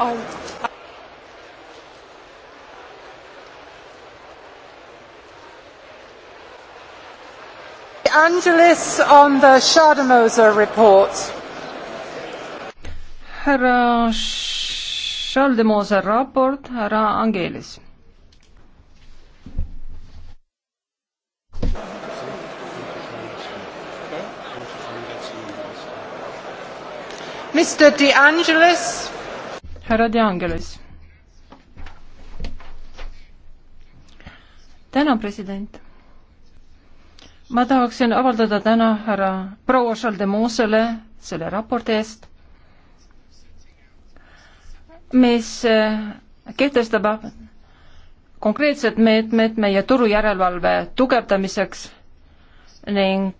Um, Angelis on the Schademoser report. härra Schademoser raport, härra Angelis. Mr De Angelis härra De Angelis. tänan, president. ma tahaksin avaldada täna härra proua Šaldemosele selle raporti eest, mis eh, kehtestab konkreetsed meetmed meie turujärelevalve tugevdamiseks ning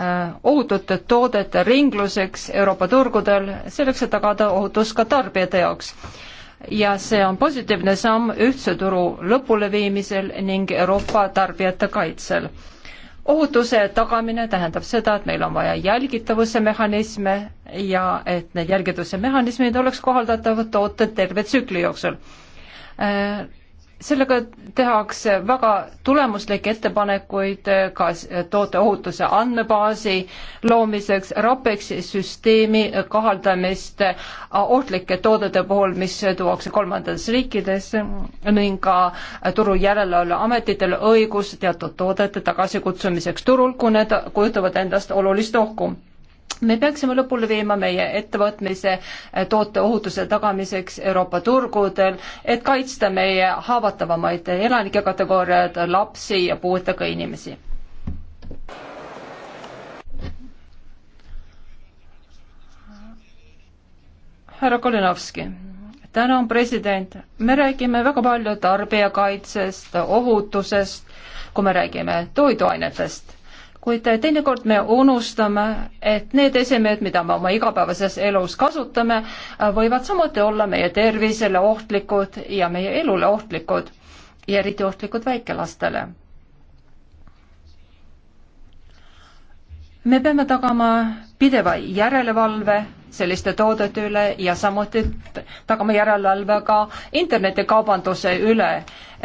Äh, ohutute toodete ringluseks Euroopa turgudel, selleks et tagada ohutus ka tarbijate jaoks. ja see on positiivne samm ühtse turu lõpuleviimisel ning Euroopa tarbijate kaitsel. ohutuse tagamine tähendab seda, et meil on vaja jälgitavuse mehhanisme ja et need jälgitavuse mehhanismid oleks kohaldatavad toote terve tsükli jooksul äh, sellega tehakse väga tulemuslikke ettepanekuid eh, ka eh, tooteohutuse andmebaasi loomiseks, RAPEX-i süsteemi eh, kahaldamist ohtlike toodete puhul, mis tuuakse kolmandates riikides mm, ning ka turu järelevalve ametitel õigus teatud toodete tagasikutsumiseks turul, kui need kujutavad endast olulist ohku me peaksime lõpule viima meie ettevõtmise eh, tooteohutuse tagamiseks Euroopa turgudel, et kaitsta meie haavatavamaid elanike kategooriaid, lapsi ja puuetega inimesi. härra Kolinovski, täna on president, me räägime väga palju tarbijakaitsest, ohutusest, kui me räägime toiduainetest kuid teinekord me unustame, et need esemed, mida me oma igapäevases elus kasutame, võivad samuti olla meie tervisele ohtlikud ja meie elule ohtlikud ja eriti ohtlikud väikelastele. me peame tagama pideva järelevalve selliste toodete üle ja samuti tagama järelevalve ka internetikaubanduse üle.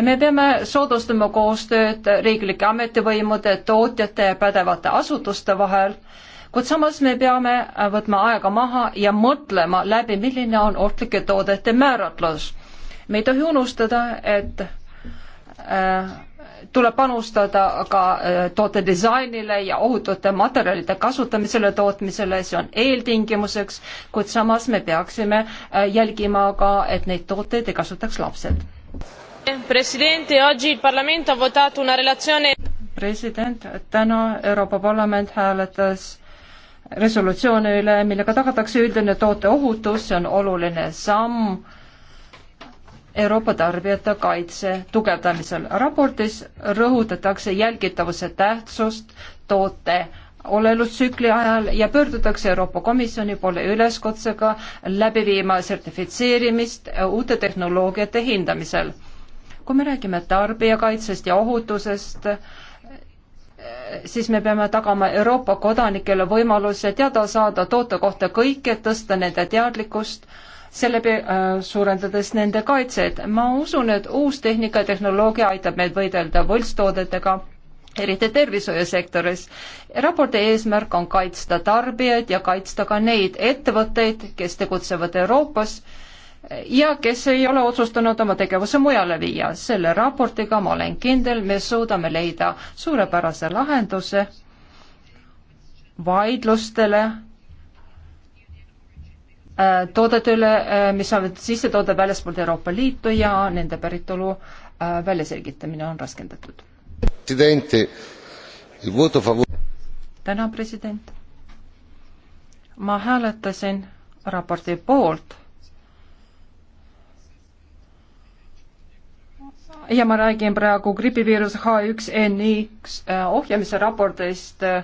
me peame soodustama koostööd riiklike ametivõimude, tootjate ja pädevate asutuste vahel, kuid samas me peame võtma aega maha ja mõtlema läbi, milline on ohtlike toodete määratlus. me ei tohi unustada, et äh, tuleb panustada ka äh, toote disainile ja ohutute materjalide kasutamisele, tootmisele, see on eeltingimuseks, kuid samas me peaksime äh, jälgima ka, et neid tooteid ei kasutaks lapsed. president, president, täna Euroopa Parlament hääletas resolutsiooni üle, millega tagatakse üldine toote ohutus, see on oluline samm Euroopa tarbijate kaitse tugevdamisel. raportis rõhutatakse jälgitavuse tähtsust toote olelustsükli ajal ja pöördutakse Euroopa Komisjoni poole üleskutsega läbi viima sertifitseerimist uute tehnoloogiate hindamisel. kui me räägime tarbijakaitsest ja ohutusest, siis me peame tagama Euroopa kodanikele võimaluse teada saada toote kohta kõike, tõsta nende teadlikkust äh, seeläbi äh, suurendades nende kaitset. ma usun, et uus tehnika ja tehnoloogia aitab meil võidelda võltstoodetega, eriti tervishoiusektoris. raporti eesmärk on kaitsta tarbijaid ja kaitsta ka neid ettevõtteid, kes tegutsevad Euroopas ja kes ei ole otsustanud oma tegevuse mujale viia. selle raportiga, ma olen kindel, me suudame leida suurepärase lahenduse vaidlustele Äh, toodete üle, äh, mis on sisse toodud väljaspoolt Euroopa Liitu ja nende päritolu äh, väljaselgitamine on raskendatud. täna president, ma hääletasin raporti poolt ja ma räägin praegu gripiviiruse H1N1 ohjamise raportist äh,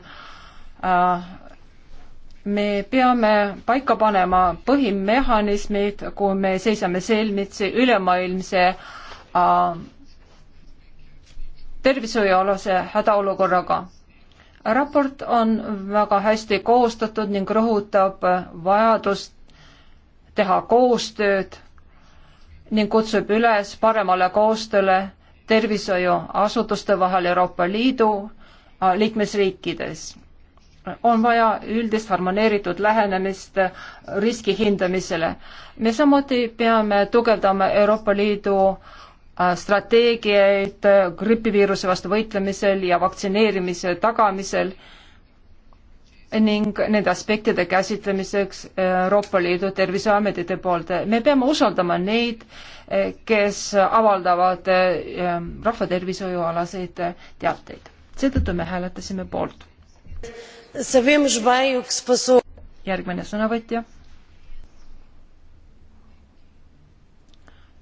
me peame paika panema põhimehhanismid, kui me seisame silmitsi ülemaailmse äh, tervishoiualase hädaolukorraga. raport on väga hästi koostatud ning rõhutab vajadust teha koostööd ning kutsub üles paremale koostööle tervishoiuasutuste vahel Euroopa Liidu äh, liikmesriikides on vaja üldist harmoneeritud lähenemist riski hindamisele. me samuti peame tugevdama Euroopa Liidu äh, strateegiaid äh, gripiviiruse vastu võitlemisel ja vaktsineerimise tagamisel ning nende aspektide käsitlemiseks Euroopa Liidu terviseametite poolt. me peame usaldama neid, kes avaldavad äh, rahvatervishoiualaseid teateid. seetõttu me hääletasime poolt. Sabemos bem o que se passou. Järgmine sõnavõtja.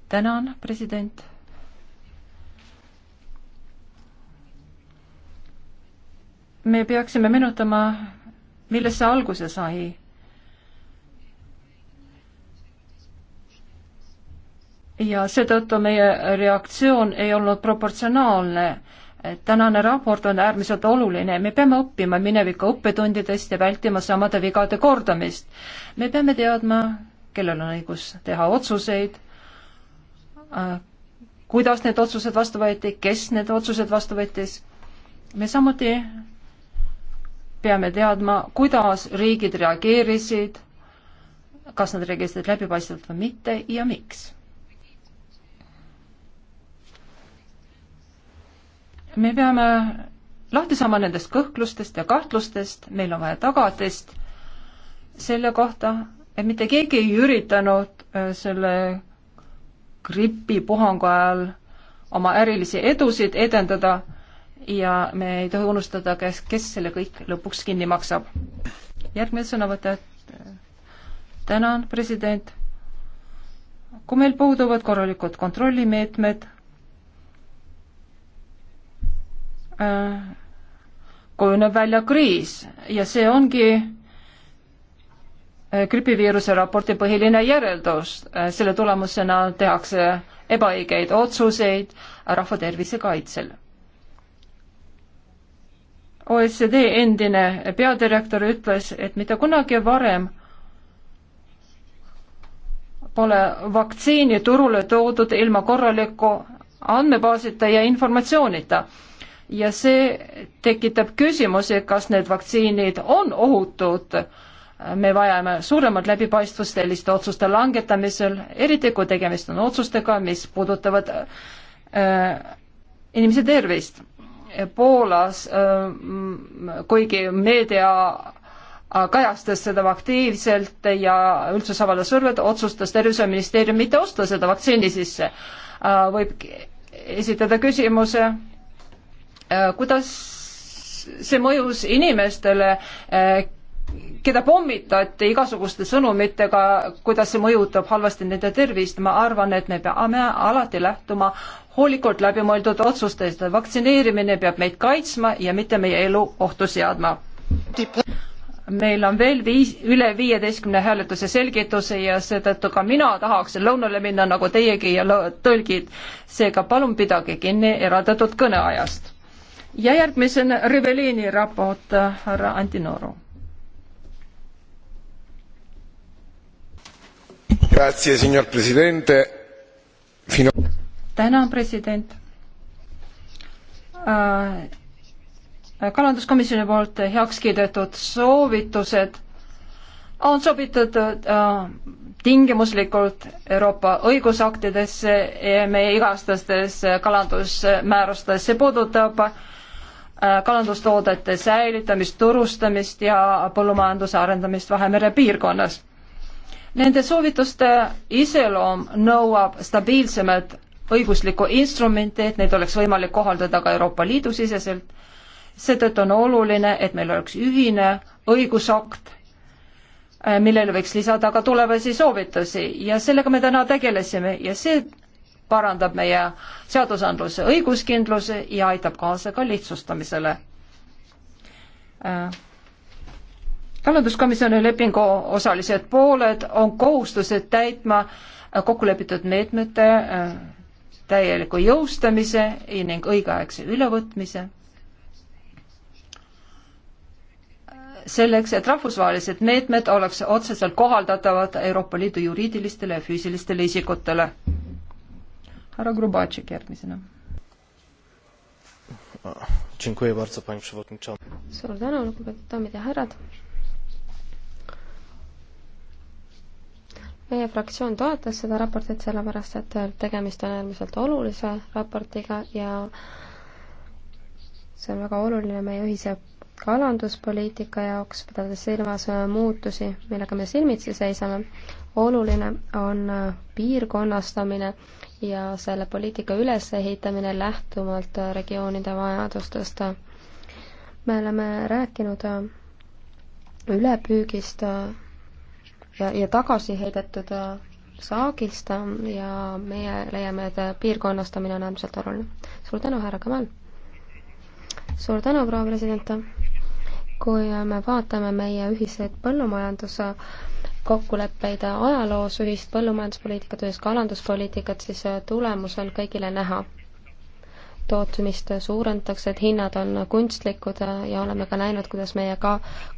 Tänan, president. Me peaksime meenutama, millest see alguse sai. Ja seetõttu meie reaktsioon ei olnud proportsionaalne tänane raport on äärmiselt oluline, me peame õppima mineviku õppetundidest ja vältima samade vigade kordamist. me peame teadma, kellel on õigus teha otsuseid, äh, kuidas need otsused vastu võeti, kes need otsused vastu võttis. me samuti peame teadma, kuidas riigid reageerisid, kas nad reageerisid läbipaistvalt või mitte ja miks me peame lahti saama nendest kõhklustest ja kahtlustest, meil on vaja tagatist selle kohta, et mitte keegi ei üritanud äh, selle gripipuhangu ajal oma ärilisi edusid edendada ja me ei tohi unustada, kes, kes selle kõik lõpuks kinni maksab. järgmine sõnavõte. tänan, president. kui meil puuduvad korralikud kontrollimeetmed Äh, kujuneb välja kriis ja see ongi äh, gripiviiruse raporti põhiline järeldus. Äh, selle tulemusena tehakse ebaõigeid otsuseid rahva tervise kaitsel. OECD endine peadirektor ütles, et mitte kunagi varem pole vaktsiini turule toodud ilma korraliku andmebaasita ja informatsioonita ja see tekitab küsimusi, kas need vaktsiinid on ohutud. me vajame suuremat läbipaistvust selliste otsuste langetamisel, eriti kui tegemist on otsustega, mis puudutavad äh, inimese tervist. Poolas äh,, kuigi meedia kajastas seda aktiivselt ja üldsus avaldas survet, otsustas Terviseministeerium mitte osta seda vaktsiini sisse äh,. võib esitada küsimuse Äh, kuidas see mõjus inimestele, äh, keda pommitati igasuguste sõnumitega, kuidas see mõjutab halvasti nende tervist, ma arvan, et me peame alati lähtuma hoolikalt läbimõeldud otsustest, vaktsineerimine peab meid kaitsma ja mitte meie elu ohtu seadma. meil on veel viis, üle viieteistkümne hääletuse selgituse ja seetõttu ka mina tahaksin lõunale minna nagu teiegi ja tõlgid. seega palun pidage kinni eraldatud kõneajast ja järgmisena Riveliini raport härra Antinoro. tänan, president äh,. kalanduskomisjoni poolt heaks kiidetud soovitused on sobitatud äh, tingimuslikult Euroopa õigusaktidesse ja meie iga-aastastes kalandusmäärustes. see puudutab äh, Äh, kalandustoodete säilitamist, turustamist ja põllumajanduse arendamist Vahemere piirkonnas. Nende soovituste iseloom nõuab stabiilsemat õiguslikku instrumenti, et neid oleks võimalik kohaldada ka Euroopa Liidu siseselt. seetõttu on oluline, et meil oleks ühine õigusakt, äh, millele võiks lisada ka tulevasi soovitusi ja sellega me täna tegelesime ja see parandab meie seadusandluse õiguskindluse ja aitab kaasa ka lihtsustamisele. Äh, kalanduskomisjoni lepingu osalised pooled on kohustused täitma kokkulepitud meetmete äh, täieliku jõustamise ning õigeaegse ülevõtmise. selleks, et rahvusvahelised meetmed oleks otseselt kohaldatavad Euroopa Liidu juriidilistele ja füüsilistele isikutele härra Grubatšik järgmisena. suur tänu, lugupeetud daamid ja härrad. meie fraktsioon toetas seda raportit sellepärast, et tegemist on äärmiselt olulise raportiga ja see on väga oluline meie ühise kalanduspoliitika jaoks, pidades silmas muutusi, millega me silmitsi seisame, oluline on piirkonnastamine ja selle poliitika ülesehitamine lähtuvalt regioonide vajadustest. me oleme rääkinud ülepüügist ja, ja tagasi heidetud saagist ja meie leiame, et piirkonnastamine on äärmiselt oluline. suur tänu, härra Kamal! suur tänu, proua president! kui me vaatame meie ühiseid põllumajanduse kokkuleppeid ajaloos, ühist põllumajanduspoliitikat, ühist kalanduspoliitikat, siis äh, tulemus on kõigile näha tootmist suurendatakse, et hinnad on kunstlikud ja oleme ka näinud, kuidas meie ka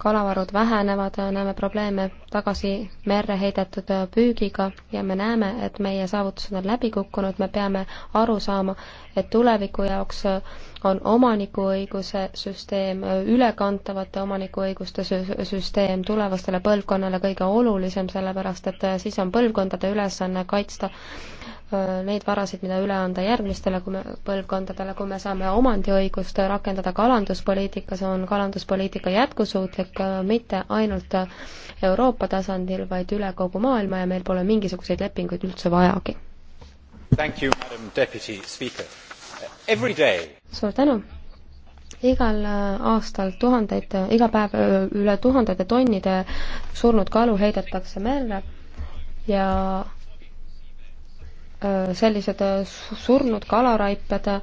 kalavarud vähenevad, näeme probleeme tagasi merre heidetud püügiga ja me näeme, et meie saavutused on läbi kukkunud, me peame aru saama, et tuleviku jaoks on omanikuõiguse süsteem, ülekantavate omanikuõiguste süsteem tulevastele põlvkonnale kõige olulisem, sellepärast et siis on põlvkondade ülesanne kaitsta Äh, neid varasid, mida üle anda järgmistele põlvkondadele, kui me saame omandiõigust rakendada kalanduspoliitikas, on kalanduspoliitika jätkusuutlik äh, mitte ainult Euroopa tasandil, vaid üle kogu maailma ja meil pole mingisuguseid lepinguid üldse vajagi. suur tänu! igal äh, aastal tuhandeid, iga päev üle tuhandete tonnide surnud kalu heidetakse merre ja Äh, sellised äh, surnud kalaraiped äh,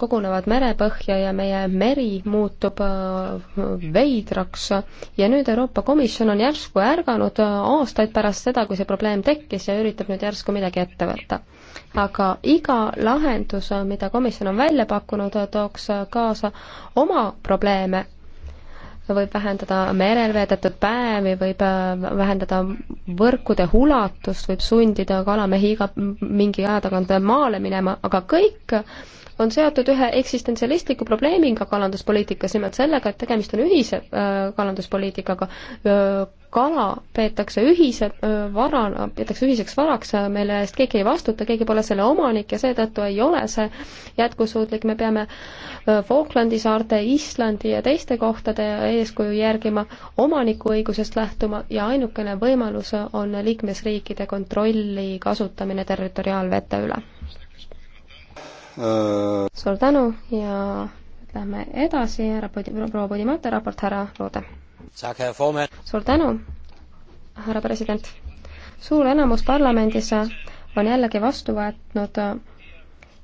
kogunevad merepõhja ja meie meri muutub veidraks ja nüüd Euroopa Komisjon on järsku ärganud aastaid pärast seda, kui see probleem tekkis ja üritab nüüd järsku midagi ette võtta. aga iga lahendus, mida komisjon on välja pakkunud, tooks kaasa oma probleeme võib vähendada merel veedetud päevi, võib äh, vähendada võrkude ulatust, võib sundida kalamehi iga mingi aja tagant maale minema, aga kõik on seotud ühe eksistentsialistliku probleemiga kalanduspoliitikas, nimelt sellega, et tegemist on ühise äh, kalanduspoliitikaga, äh, kala peetakse ühise varana, peetakse ühiseks varaks, äh, mille eest keegi ei vastuta, keegi pole selle omanik ja seetõttu ei ole see jätkusuutlik, me peame Falklandi saarte, Islandi ja teiste kohtade eeskuju järgima, omanikuõigusest lähtuma ja ainukene võimalus on liikmesriikide kontrolli kasutamine territoriaalvete üle. Äh. suur tänu ja lähme edasi, härra Podi-, proua Podimata raport, härra Loode suur tänu, härra president. suur enamus parlamendis on jällegi vastu võtnud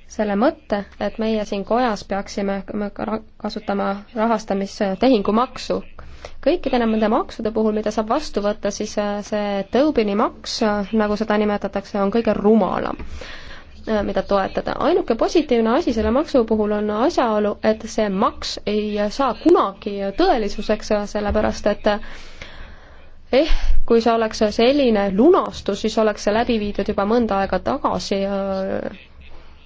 selle mõtte, et meie siin kojas peaksime kasutama rahastamistehingumaksu. kõikide nende maksude puhul, mida saab vastu võtta, siis see Tobini maks, nagu seda nimetatakse, on kõige rumalam Äh, mida toetada. ainuke positiivne asi selle maksu puhul on asjaolu, et see maks ei saa kunagi tõelisuseks, sellepärast et eh, kui see oleks selline lunastus, siis oleks see läbi viidud juba mõnda aega tagasi äh,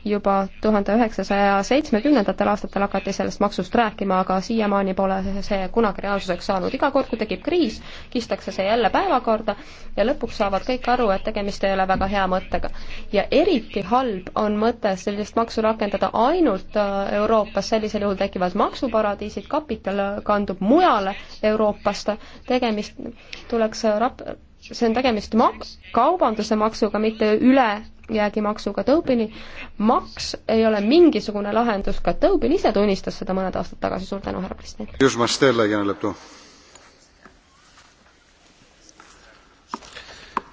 juba tuhande üheksasaja seitsmekümnendatel aastatel hakati sellest maksust rääkima, aga siiamaani pole see kunagi reaalsuseks saanud. iga kord, kui tekib kriis, kistakse see jälle päevakorda ja lõpuks saavad kõik aru, et tegemist ei ole väga hea mõttega. ja eriti halb on mõte sellist maksu rakendada ainult äh, Euroopas, sellisel juhul tekivad maksuparadiisid, kapital kandub mujale Euroopast, tegemist tuleks äh, rap-, see on tegemist mak-, kaubanduse maksuga, mitte ülejäägimaksuga. Tobini maks ei ole mingisugune lahendus, ka Tobin ise tunnistas seda mõned aastad tagasi, suur tänu, härra president.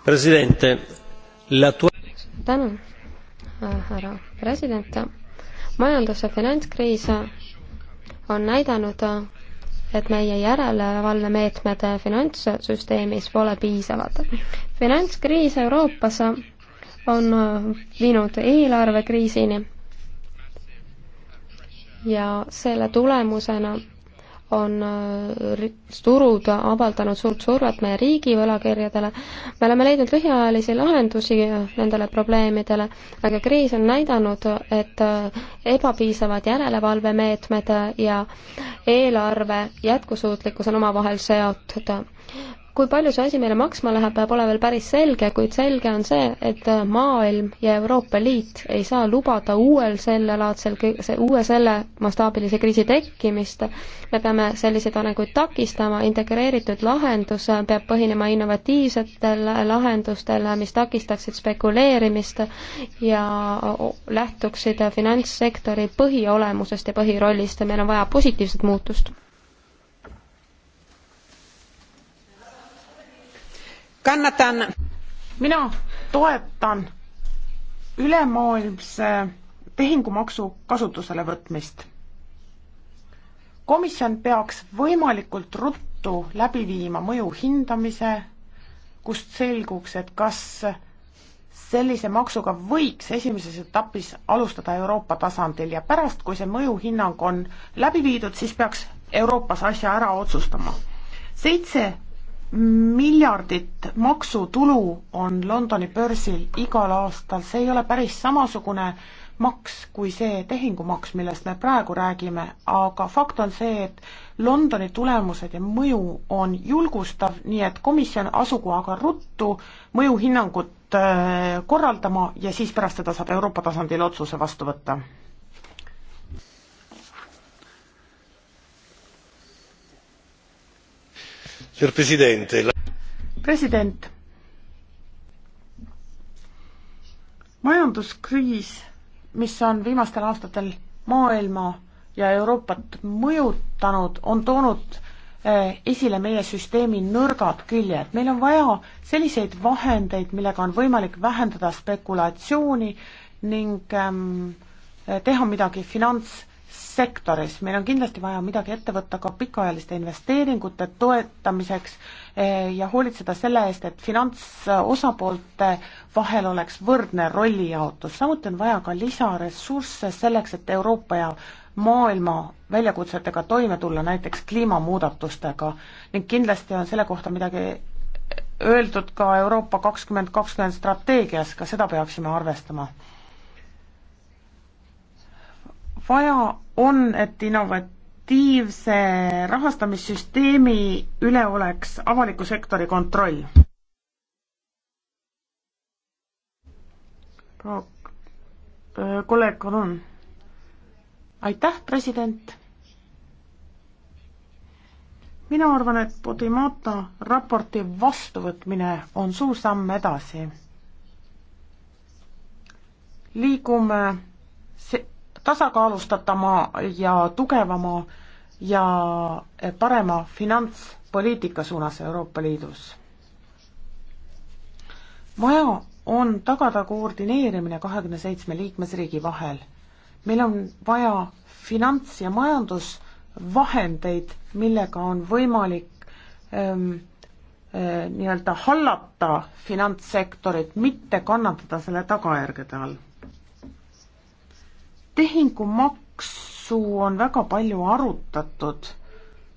president, tänan, härra president. majandus- ja finantskriis on näidanud et meie järelevalvemeetmed finantssüsteemis pole piisavad. finantskriis Euroopas on viinud eelarvekriisini ja selle tulemusena on äh, turud avaldanud suurt survet meie riigi võlakirjadele. me oleme leidnud lühiajalisi lahendusi äh, nendele probleemidele, aga kriis on näidanud, et äh, ebapiisavad järelevalvemeetmed ja eelarve jätkusuutlikkus on omavahel seotud kui palju see asi meile maksma läheb, pole veel päris selge, kuid selge on see, et maailm ja Euroopa Liit ei saa lubada uuel sellelaadsel, uue selle mastaabilise kriisi tekkimist. me peame selliseid arenguid takistama, integreeritud lahendus peab põhinema innovatiivsetel lahendustel, mis takistaksid spekuleerimist ja lähtuksid finantssektori põhiolemusest ja põhirollist ja meil on vaja positiivset muutust kannatan. mina toetan ülemaailmse tehingumaksu kasutusele võtmist. komisjon peaks võimalikult ruttu läbi viima mõju hindamise, kust selguks, et kas sellise maksuga võiks esimeses etapis alustada Euroopa tasandil ja pärast, kui see mõjuhinnang on läbi viidud, siis peaks Euroopas asja ära otsustama. seitse miljardit maksutulu on Londoni börsil igal aastal, see ei ole päris samasugune maks kui see tehingumaks, millest me praegu räägime, aga fakt on see, et Londoni tulemused ja mõju on julgustav, nii et komisjon asugu aga ruttu mõjuhinnangut äh, korraldama ja siis pärast seda saab Euroopa tasandil otsuse vastu võtta president majanduskriis mis on viimastel aastatel maailma ja euroopat mõjutanud on toonud eh, esile meie süsteemi nõrgad küljed. meil on vaja selliseid vahendeid, millega on võimalik vähendada spekulatsiooni ning ähm, teha midagi finants sektoris, meil on kindlasti vaja midagi ette võtta ka pikaajaliste investeeringute toetamiseks eh, ja hoolitseda selle eest, et finantsosapoolte vahel oleks võrdne rollijaotus, samuti on vaja ka lisaressursse selleks, et Euroopa ja maailma väljakutsetega toime tulla, näiteks kliimamuudatustega ning kindlasti on selle kohta midagi öeldud ka Euroopa kakskümmend kakskümmend strateegias, ka seda peaksime arvestama vaja on, et innovatiivse rahastamissüsteemi üle oleks avaliku sektori kontroll. kolleeg Kolon. aitäh, president. mina arvan, et Podimata raporti vastuvõtmine on suur samm edasi. liigume se-, tasakaalustatama ja tugevama ja parema finantspoliitika suunas Euroopa Liidus. vaja on tagada koordineerimine kahekümne seitsme liikmesriigi vahel. meil on vaja finants- ja majandusvahendeid, millega on võimalik ähm, äh, nii-öelda hallata finantssektorit, mitte kannatada selle tagajärgede all tehingumaksu on väga palju arutatud.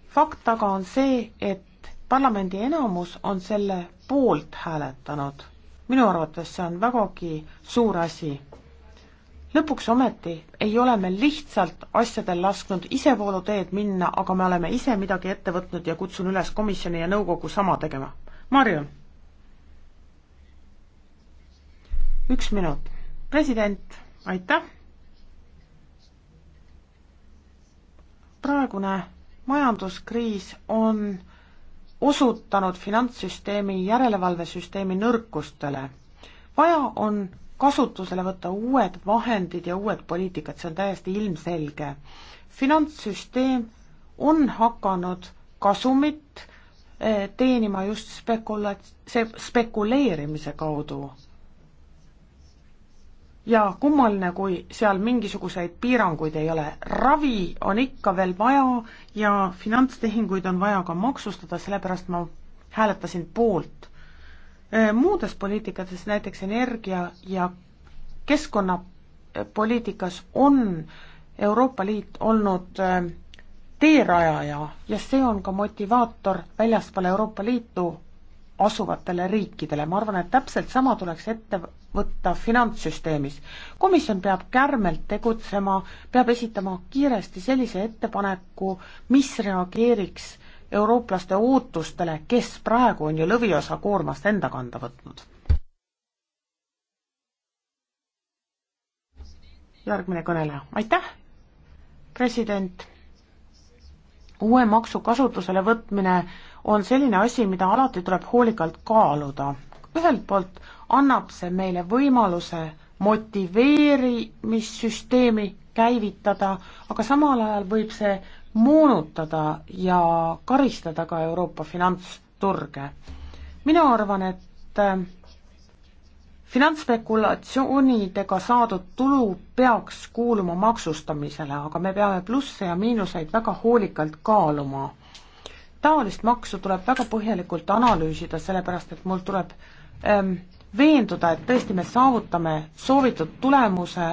fakt aga on see, et parlamendi enamus on selle poolt hääletanud. minu arvates see on vägagi suur asi. lõpuks ometi ei ole me lihtsalt asjadel lasknud isevoolu teed minna, aga me oleme ise midagi ette võtnud ja kutsun üles komisjoni ja nõukogu sama tegema. Marju. üks minut. president, aitäh praegune majanduskriis on osutanud finantssüsteemi järelevalvesüsteemi nõrkustele. vaja on kasutusele võtta uued vahendid ja uued poliitikad, see on täiesti ilmselge. finantssüsteem on hakanud kasumit eh, teenima just spekula-, spekuleerimise kaudu ja kummaline, kui seal mingisuguseid piiranguid ei ole. ravi on ikka veel vaja ja finantstehinguid on vaja ka maksustada, sellepärast ma hääletasin poolt. Äh, muudes poliitikates, näiteks energia ja keskkonnapoliitikas on Euroopa Liit olnud äh, teerajaja ja see on ka motivaator väljaspool Euroopa Liitu asuvatele riikidele, ma arvan, et täpselt sama tuleks ette võtta finantssüsteemis. komisjon peab kärmelt tegutsema, peab esitama kiiresti sellise ettepaneku, mis reageeriks eurooplaste ootustele, kes praegu on ju lõviosa koormast enda kanda võtnud. järgmine kõneleja, aitäh, president uue maksu kasutusele võtmine on selline asi, mida alati tuleb hoolikalt kaaluda. ühelt poolt annab see meile võimaluse motiveerimissüsteemi käivitada, aga samal ajal võib see moonutada ja karistada ka Euroopa finantsturge. mina arvan, et äh, finantsspekulatsioonidega saadud tulu peaks kuuluma maksustamisele, aga me peame plusse ja miinuseid väga hoolikalt kaaluma. taolist maksu tuleb väga põhjalikult analüüsida, sellepärast et mul tuleb ähm, veenduda, et tõesti me saavutame soovitud tulemuse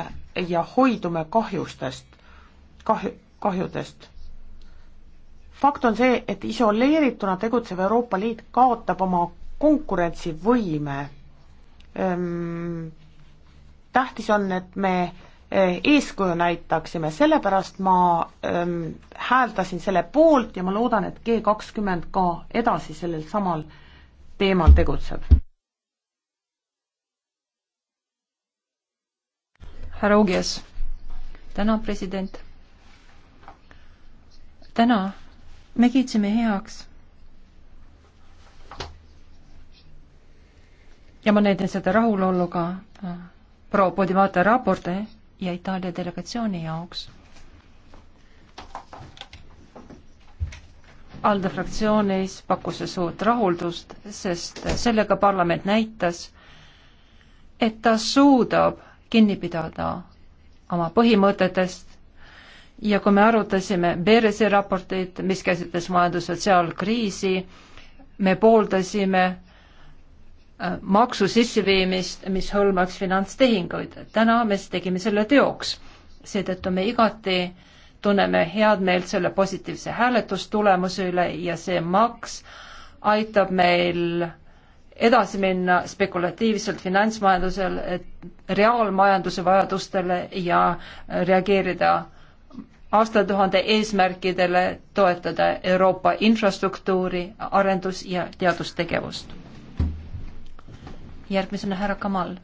ja hoidume kahjustest, kahju, kahjudest. fakt on see, et isoleerituna tegutsev Euroopa Liit kaotab oma konkurentsivõime ähm, tähtis on, et me eh, eeskuju näitaksime, sellepärast ma ähm, hääldasin selle poolt ja ma loodan, et G kakskümmend ka edasi sellel samal teemal tegutseb. härra Ugias, täna president. täna me kiitsime heaks ja ma näitan seda rahuloluga äh, proua Podimata raporti ja Itaalia delegatsiooni jaoks. ALDE fraktsioonis pakkus see suurt rahuldust, sest sellega parlament näitas, et ta suudab kinni pidada oma põhimõtetest ja kui me arutasime Beresi raportit, mis käsitles majandus- ja sotsiaalkriisi, me pooldasime äh, Äh, maksu sisseviimist, mis hõlmaks finantstehinguid. täna me siis tegime selle teoks. seetõttu me igati tunneme head meelt selle positiivse hääletustulemuse üle ja see maks aitab meil edasi minna spekulatiivselt finantsmajandusel, reaalmajanduse vajadustele ja reageerida aastatuhande eesmärkidele, toetada Euroopa infrastruktuuri, arendus- ja teadustegevust järgmisena härra Kamal.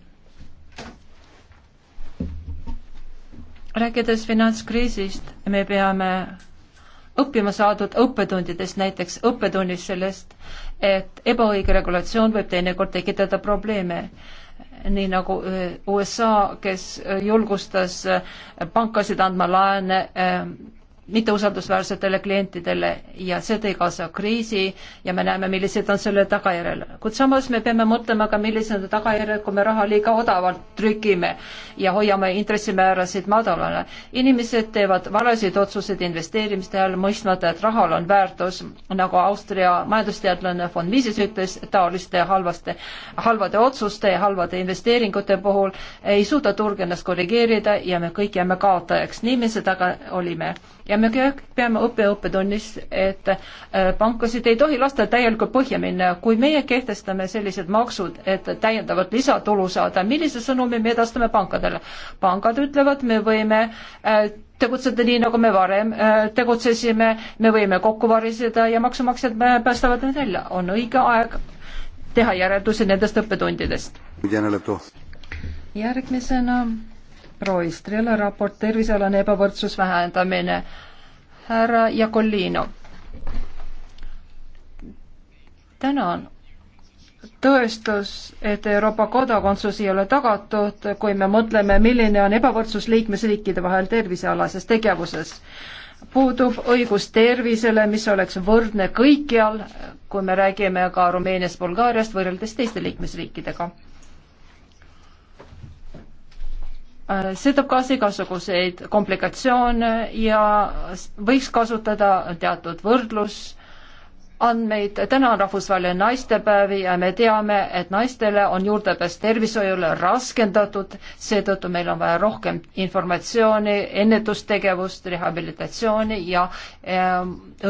rääkides finantskriisist, me peame õppima saadud õppetundidest, näiteks õppetunnis sellest, et ebaõige regulatsioon võib teinekord tekitada probleeme. nii nagu äh, USA, kes äh, julgustas äh, pankasid andma laene mitteusaldusväärsetele klientidele ja see tõi kaasa kriisi ja me näeme, millised on selle tagajärjel. kuid samas me peame mõtlema ka, millised on tagajärjed, kui me raha liiga odavalt trükime ja hoiame intressimäärasid madalana. inimesed teevad valesid otsuseid investeerimiste ajal, mõistmata, et rahal on väärtus, nagu Austria majandusteadlane von Mises ütles, taoliste halvaste, halvade otsuste ja halvade investeeringute puhul ei suuda turg ennast korrigeerida ja me kõik jääme kaotajaks. nii me seda ka olime ja me kõik peame õppe õppetunnis, et äh, pankasid ei tohi lasta täielikult põhja minna, kui meie kehtestame sellised maksud, et täiendavat lisatulu saada, millise sõnumi me edastame pankadele? pangad ütlevad, me võime äh, tegutseda nii, nagu me varem äh, tegutsesime, me võime kokku variseda ja maksumaksjad päästavad need välja, on õige aeg teha järeldusi nendest õppetundidest. järgmisena proua Istrela raport Tervisealane ebavõrdsus vähendamine. härra Jakolino. tänan. tõestus, et Euroopa kodakondsus ei ole tagatud, kui me mõtleme, milline on ebavõrdsus liikmesriikide vahel tervisealases tegevuses puudub õigus tervisele, mis oleks võrdne kõikjal, kui me räägime ka Rumeeniast, Bulgaariast võrreldes teiste liikmesriikidega see toob kaasa igasuguseid komplikatsioone ja võiks kasutada teatud võrdlus andmeid, täna on rahvusvaheline naistepäev ja me teame, et naistele on juurdepääs tervishoiule raskendatud, seetõttu meil on vaja rohkem informatsiooni, ennetustegevust, rehabilitatsiooni ja äh,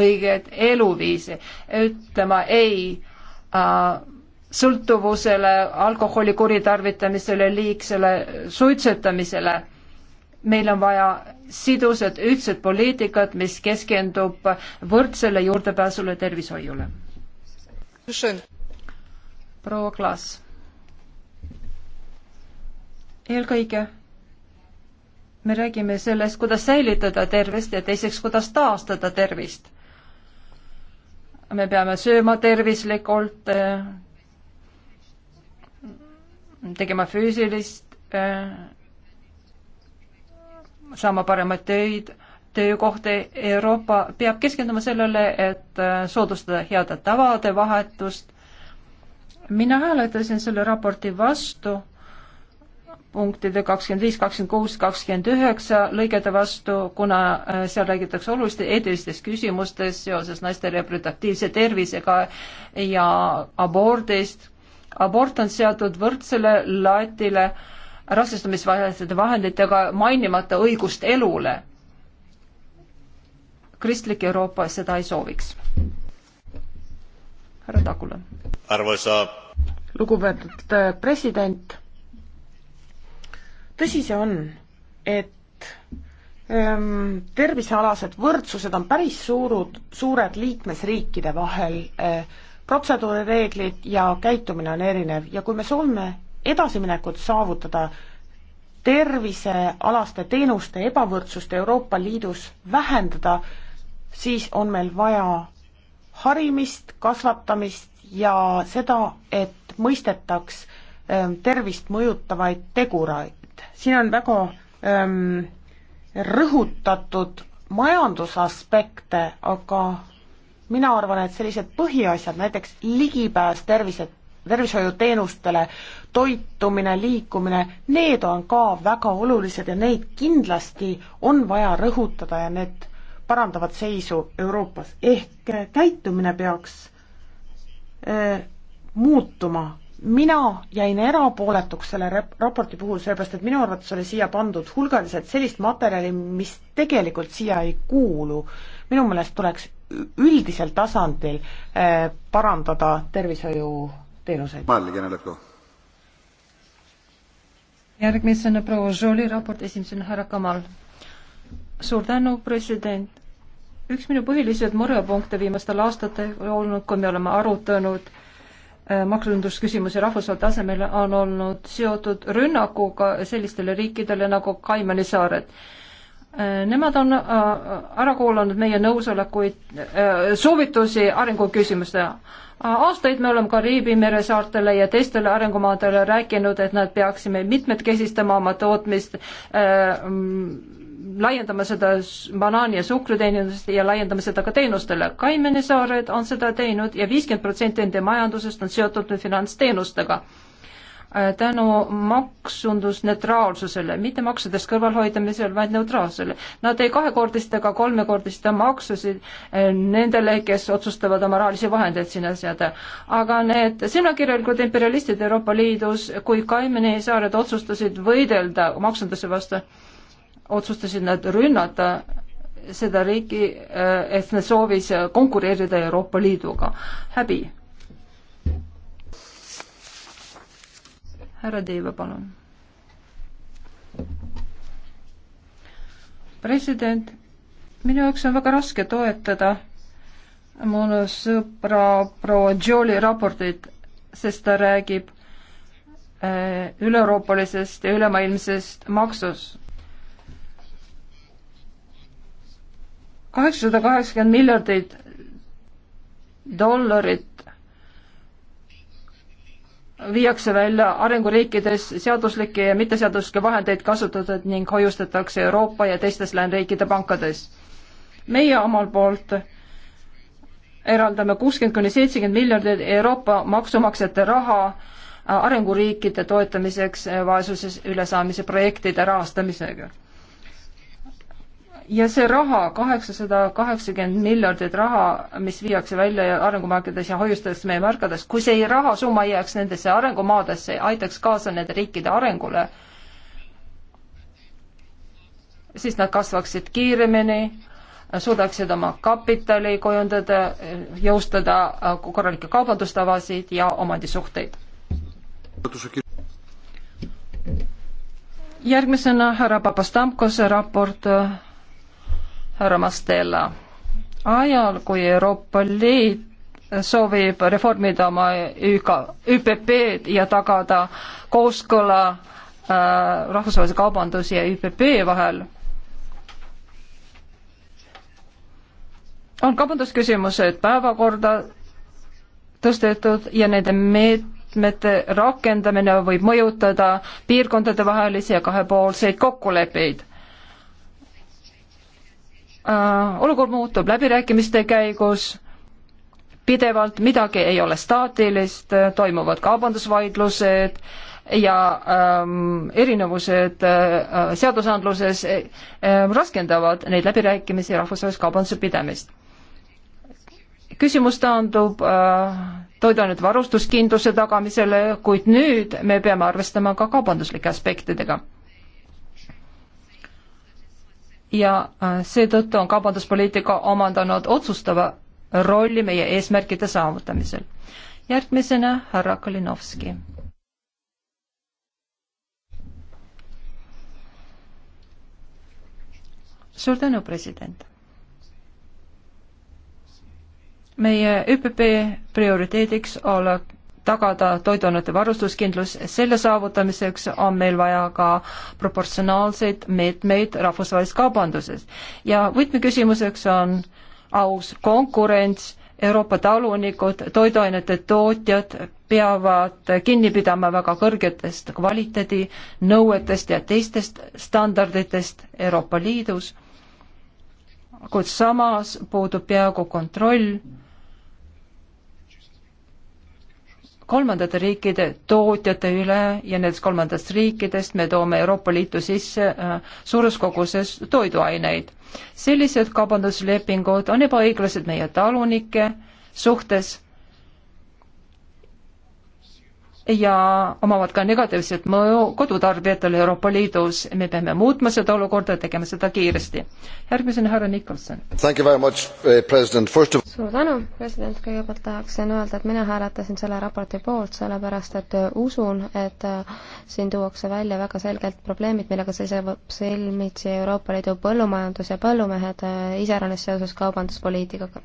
õiget eluviisi. ütlema ei äh, sõltuvusele, alkoholi kuritarvitamisele, liigsele suitsetamisele. meil on vaja sidusat ühtset poliitikat, mis keskendub võrdsele juurdepääsule tervishoiule. proua Klaas. eelkõige me räägime sellest, kuidas säilitada tervist ja teiseks, kuidas taastada tervist. me peame sööma tervislikult tegema füüsilist äh,, saama paremaid töid, töökohti. Euroopa peab keskenduma sellele, et äh, soodustada heade tavade vahetust. mina hääletasin selle raporti vastu punktide kakskümmend viis, kakskümmend kuus, kakskümmend üheksa lõigede vastu, kuna äh, seal räägitakse oluliste eetilistes küsimustes seoses naiste reproduktiivse tervisega ja abordist abort on seatud võrdsele laetile rasestumisvahendite vahenditega, mainimata õigust elule. kristlik Euroopa seda ei sooviks. härra Takula. arvoisa. lugupeetud äh, president, tõsi see on, et ähm, tervisealased võrdsused on päris suurud, suured liikmesriikide vahel äh, protseduurireeglid ja käitumine on erinev ja kui me soovime edasiminekut saavutada, tervisealaste teenuste ebavõrdsust Euroopa Liidus vähendada, siis on meil vaja harimist, kasvatamist ja seda, et mõistetaks ähm, tervist mõjutavaid tegureid. siin on väga ähm, rõhutatud majandusaspekte, aga mina arvan, et sellised põhiasjad, näiteks ligipääs tervise, tervishoiuteenustele, toitumine, liikumine, need on ka väga olulised ja neid kindlasti on vaja rõhutada ja need parandavad seisu Euroopas, ehk käitumine peaks öö, äh, muutuma. mina jäin erapooletuks selle rep-, raporti puhul, sellepärast et minu arvates oli siia pandud hulgaliselt sellist materjali, mis tegelikult siia ei kuulu. minu meelest tuleks üldisel tasandil äh, parandada tervishoiuteenuseid. järgmisena proua Jolie raport, esimesena härra Kamal. suur tänu, president. üks minu põhilised murepunkte viimastel aastatel olnud, kui me oleme arutanud äh, maksundusküsimusi rahvusvahelisel tasemel, on olnud seotud rünnakuga sellistele riikidele nagu Kaimani saared Äh, nemad on äh, äh, ära kuulanud meie nõusolekuid, soovitusi arenguküsimuste. aastaid me oleme Kariibi mere saartele ja teistele arengumaadele rääkinud, et nad peaksime mitmekesistama oma tootmist äh,, mm, laiendama seda banaani ja suhkruteenindust ja laiendama seda ka teenustele. Kaimeni saared on seda teinud ja viiskümmend protsenti nende majandusest on seotud finantsteenustega Äh, tänu maksundusneutraalsusele, mitte maksudest kõrvalhoidmisel, vaid neutraalsusele. Nad ei kahekordista ega kolmekordista maksusid äh, nendele, kes otsustavad oma rahalisi vahendeid sinna seada. aga need silmakirjalikud imperialistid Euroopa Liidus, kui Kaimini saared otsustasid võidelda maksunduse vastu, otsustasid nad rünnata seda riiki, äh, et nad soovis konkureerida Euroopa Liiduga. häbi härra Teive, palun. president, minu jaoks on väga raske toetada mu sõbra proua Jolie raportit, sest ta räägib äh, üleeuroopalisest ja ülemaailmsest maksust. kaheksasada kaheksakümmend miljardit dollarit viiakse välja arenguriikides seaduslikke ja mitteseaduslikke vahendeid kasutatud ning hoiustatakse Euroopa ja teistes lääneriikide pankades. meie omalt poolt eraldame kuuskümmend kuni seitsekümmend miljardit Euroopa maksumaksjate raha arenguriikide toetamiseks vaesuses ülesaamise projektide rahastamisega ja see raha, kaheksasada kaheksakümmend miljardit raha, mis viiakse välja arengumaades ja hoiustatakse meie märkades, kui see rahasumma jääks nendesse arengumaadesse, aitaks kaasa nende riikide arengule, siis nad kasvaksid kiiremini, suudaksid oma kapitali kujundada, jõustada äh, korralikke kaubandustavasid ja omandisuhteid. järgmisena härra Papastamkose raport äh, härra Mastella. ajal, kui Euroopa Liit soovib reformida oma ÜK, ÜPP-d ja tagada kooskõla äh, rahvusvahelise kaubanduse ja ÜPP vahel, on kaubandusküsimused päevakorda tõstetud ja nende meetmete rakendamine võib mõjutada piirkondade vahelisi ja kahepoolseid kokkuleppeid Äh, olukord muutub läbirääkimiste käigus pidevalt, midagi ei ole staatilist, äh, toimuvad kaubandusvaidlused ja ähm, erinevused äh, äh seadusandluses äh, raskendavad neid läbirääkimisi rahvusvahelise kaubanduse pidamist. küsimus taandub äh, toiduainete varustuskindluse tagamisele, kuid nüüd me peame arvestama ka kaubanduslike aspektidega ja äh, seetõttu on kaubanduspoliitika omandanud otsustava rolli meie eesmärkide saavutamisel. järgmisena härra Kalinovski. suur tänu, president. meie ÜPP prioriteediks oleks tagada toiduainete varustuskindlus, selle saavutamiseks on meil vaja ka proportsionaalseid meetmeid rahvusvahelises kaubanduses. ja võtmeküsimuseks on aus konkurents, Euroopa talunikud, toiduainete tootjad peavad kinni pidama väga kõrgetest kvaliteedinõuetest ja teistest standarditest Euroopa Liidus, kuid samas puudub peaaegu kontroll kolmandate riikide tootjate üle ja nendest kolmandast riikidest me toome Euroopa Liitu sisse äh, suures koguses toiduaineid. sellised kaubanduslepingud on ebaõiglased meie talunike suhtes ja omavad ka negatiivset mõju kodutarbijatele Euroopa Liidus. me peame muutma seda olukorda ja tegema seda kiiresti. järgmisena härra Nicholson. Eh, suur tänu, president, kõigepealt tahaksin öelda, et mina hääletasin selle raporti poolt, sellepärast et eh, usun, et eh, siin tuuakse välja väga selgelt probleemid, millega seisavad silmitsi Euroopa Liidu põllumajandus ja põllumehed iseäranis seoses kaubanduspoliitikaga.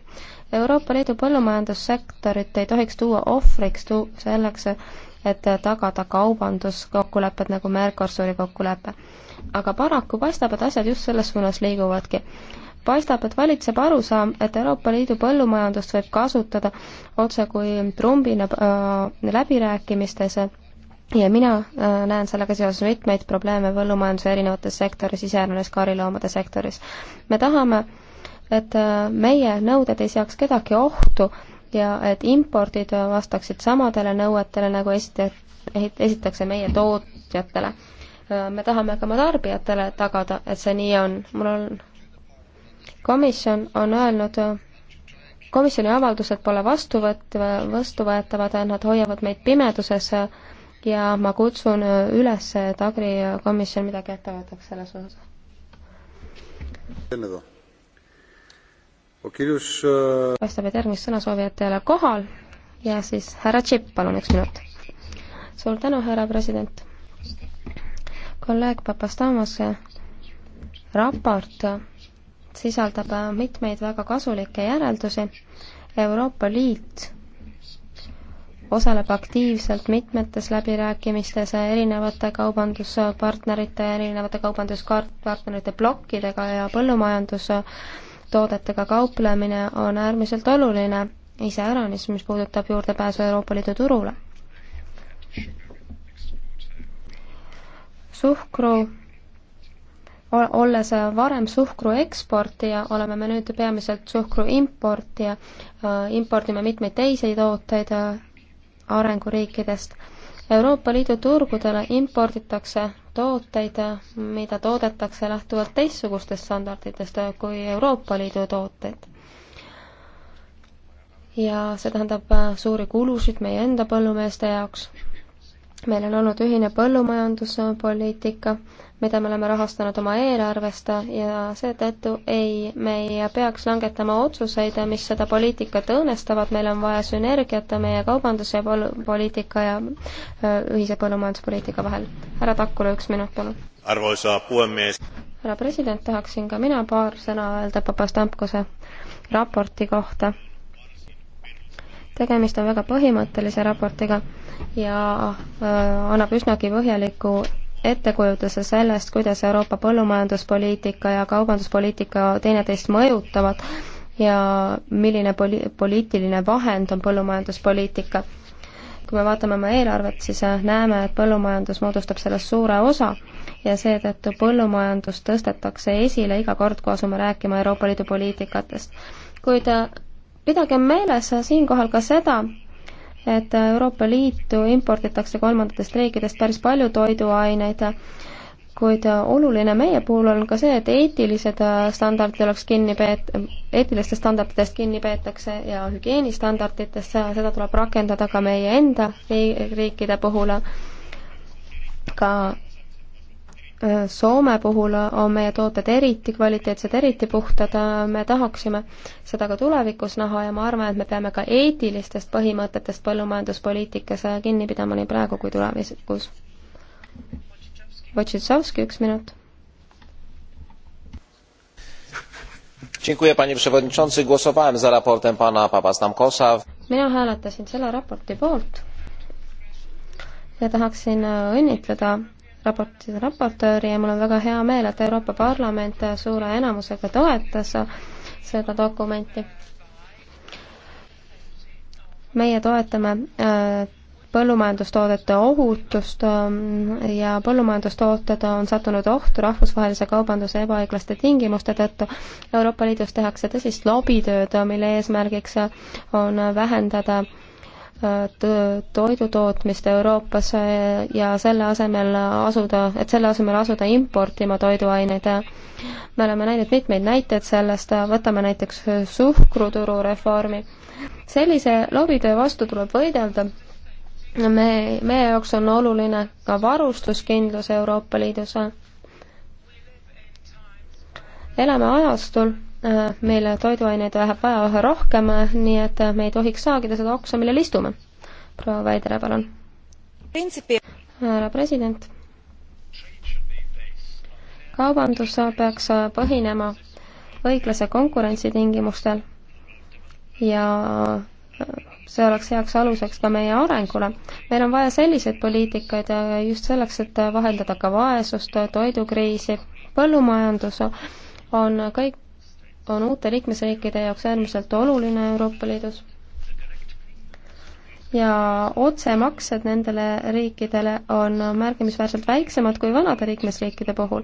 Euroopa Liidu põllumajandussektorit ei tohiks tuua ohvriks tu-, selleks, et tagada kaubanduskokkulepped nagu Mercosuri kokkulepe. aga paraku paistab, et asjad just selles suunas liiguvadki. paistab, et valitseb arusaam, et Euroopa Liidu põllumajandust võib kasutada otse kui trumbina äh, läbirääkimistes ja mina äh, näen sellega seoses mitmeid probleeme põllumajanduse erinevates sektoris, iseäranis kariloomade sektoris. me tahame, et äh, meie nõuded ei seaks kedagi ohtu äh, ja et impordid vastaksid samadele nõuetele, nagu esita-, esitakse meie tootjatele. me tahame ka oma tarbijatele tagada, et see nii on. mul on, komisjon on öelnud, komisjoni avaldused pole vastuvõtt-, vastuvõetavad, nad hoiavad meid pimeduses ja ma kutsun üles, et Agri komisjon midagi ette võtaks selles osas kirjus... paistab, et järgmist sõnasoovijat ei ole kohal ja siis härra Tšipp, palun, üks minut. suur tänu, härra president. kolleeg Papastamose raport sisaldab mitmeid väga kasulikke järeldusi. Euroopa Liit osaleb aktiivselt mitmetes läbirääkimistes erinevate kaubanduspartnerite, erinevate kaubanduspartnerite plokkidega ja põllumajandus- toodetega kauplemine on äärmiselt oluline iseäranis, mis puudutab juurdepääsu Euroopa Liidu turule. suhkru, olles varem suhkru eksportija, oleme me nüüd peamiselt suhkru importija, äh, impordime mitmeid teisi tooteid äh, arenguriikidest Euroopa Liidu turgudele imporditakse tooteid, mida toodetakse lähtuvalt teistsugustest standarditest kui Euroopa Liidu tooteid. ja see tähendab äh, suuri kulusid meie enda põllumeeste jaoks meil on olnud ühine põllumajanduspoliitika, mida me oleme rahastanud oma eelarvest ja seetõttu ei, me ei peaks langetama otsuseid, mis seda poliitikat õõnestavad, meil on vaja sünergiat meie kaubanduse pol poliitika ja ühise põllumajanduspoliitika vahel. härra Takula, üks minut, palun. arvoisa puhemees. härra president, tahaksin ka mina paar sõna öelda Papastamkose raporti kohta tegemist on väga põhimõttelise raportiga ja äh, annab üsnagi põhjaliku ettekujutuse sellest, kuidas Euroopa põllumajanduspoliitika ja kaubanduspoliitika teineteist mõjutavad ja milline poli-, poliitiline vahend on põllumajanduspoliitika. kui me vaatame oma eelarvet, siis äh, näeme, et põllumajandus moodustab sellest suure osa ja seetõttu põllumajandus tõstetakse esile iga kord, kui asume rääkima Euroopa Liidu poliitikatest. kuid äh, pidagem meeles siinkohal ka seda, et Euroopa Liitu imporditakse kolmandatest riikidest päris palju toiduaineid, kuid oluline meie puhul on ka see, et eetilised standardid oleks kinni peet-, eetilistest standarditest kinni peetakse ja hügieenistandarditest, seda tuleb rakendada ka meie enda riikide puhul, ka Äh, Soome puhul on meie tooted eriti kvaliteetsed, eriti puhtad, äh, me tahaksime seda ka tulevikus näha ja ma arvan, et me peame ka eetilistest põhimõtetest põllumajanduspoliitikas äh, kinni pidama nii praegu kui tulevikus. Wojciechowski, üks minut. mina hääletasin selle raporti poolt ja tahaksin õnnitleda raportide raportööri ja mul on väga hea meel, et Euroopa Parlament suure enamusega toetas seda dokumenti. meie toetame äh, põllumajandustoodete ohutust ähm, ja põllumajandustooted on sattunud ohtu rahvusvahelise kaubanduse ebaõiglaste tingimuste tõttu. Euroopa Liidus tehakse tõsist lobitööd, mille eesmärgiks on vähendada äh, toidutootmist Euroopas ja selle asemel asuda, et selle asemel asuda importima toiduaineid. me oleme näinud mitmeid näiteid sellest, võtame näiteks suhkruturu reformi. sellise lobitöö vastu tuleb võidelda. me, meie jaoks on oluline ka varustuskindlus Euroopa Liidus. elame ajastul Äh, meil toiduaineid läheb vaja üha rohkem, nii et äh, me ei tohiks saagida seda oksa, millel istume. proua Väidere, palun. härra president. kaubandus peaks äh, põhinema õiglase konkurentsi tingimustel ja see oleks heaks aluseks ka meie arengule. meil on vaja selliseid poliitikaid just selleks, et vahendada ka vaesust, toidukriisi, põllumajandus on kõik on uute liikmesriikide jaoks äärmiselt oluline Euroopa Liidus ja otsemaksed nendele riikidele on märkimisväärselt väiksemad kui vanade liikmesriikide puhul.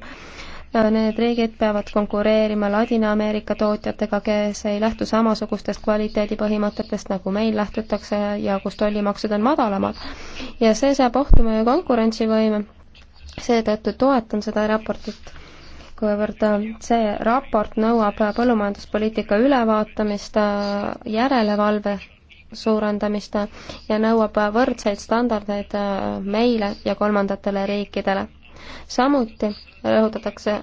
Need riigid peavad konkureerima Ladina-Ameerika tootjatega, kes ei lähtu samasugustest kvaliteedipõhimõtetest, nagu meil lähtutakse ja kus tollimaksud on madalamad. ja see seab ohtu meie konkurentsivõime, seetõttu toetan seda raportit kuivõrd äh, see raport nõuab põllumajanduspoliitika ülevaatamist, äh, järelevalve suurendamist ja nõuab võrdseid standardeid äh, meile ja kolmandatele riikidele. samuti rõhutatakse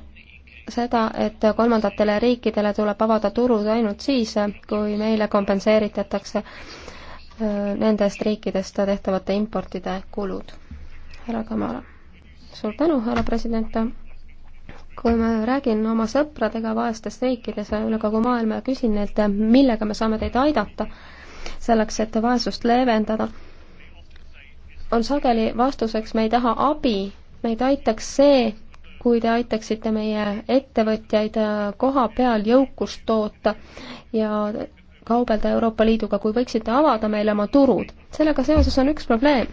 seda, et kolmandatele riikidele tuleb avada turud ainult siis, kui meile kompenseeritatakse nendest riikidest tehtavate importide kulud. härra Kamala, suur tänu, härra president! kui ma räägin oma sõpradega vaestest riikides üle kogu maailma ja küsin neilt, millega me saame teid aidata selleks, et vaesust leevendada, on sageli vastuseks, me ei taha abi, meid aitaks see, kui te aitaksite meie ettevõtjaid koha peal jõukust toota ja kaubelda Euroopa Liiduga, kui võiksite avada meile oma turud. sellega seoses on üks probleem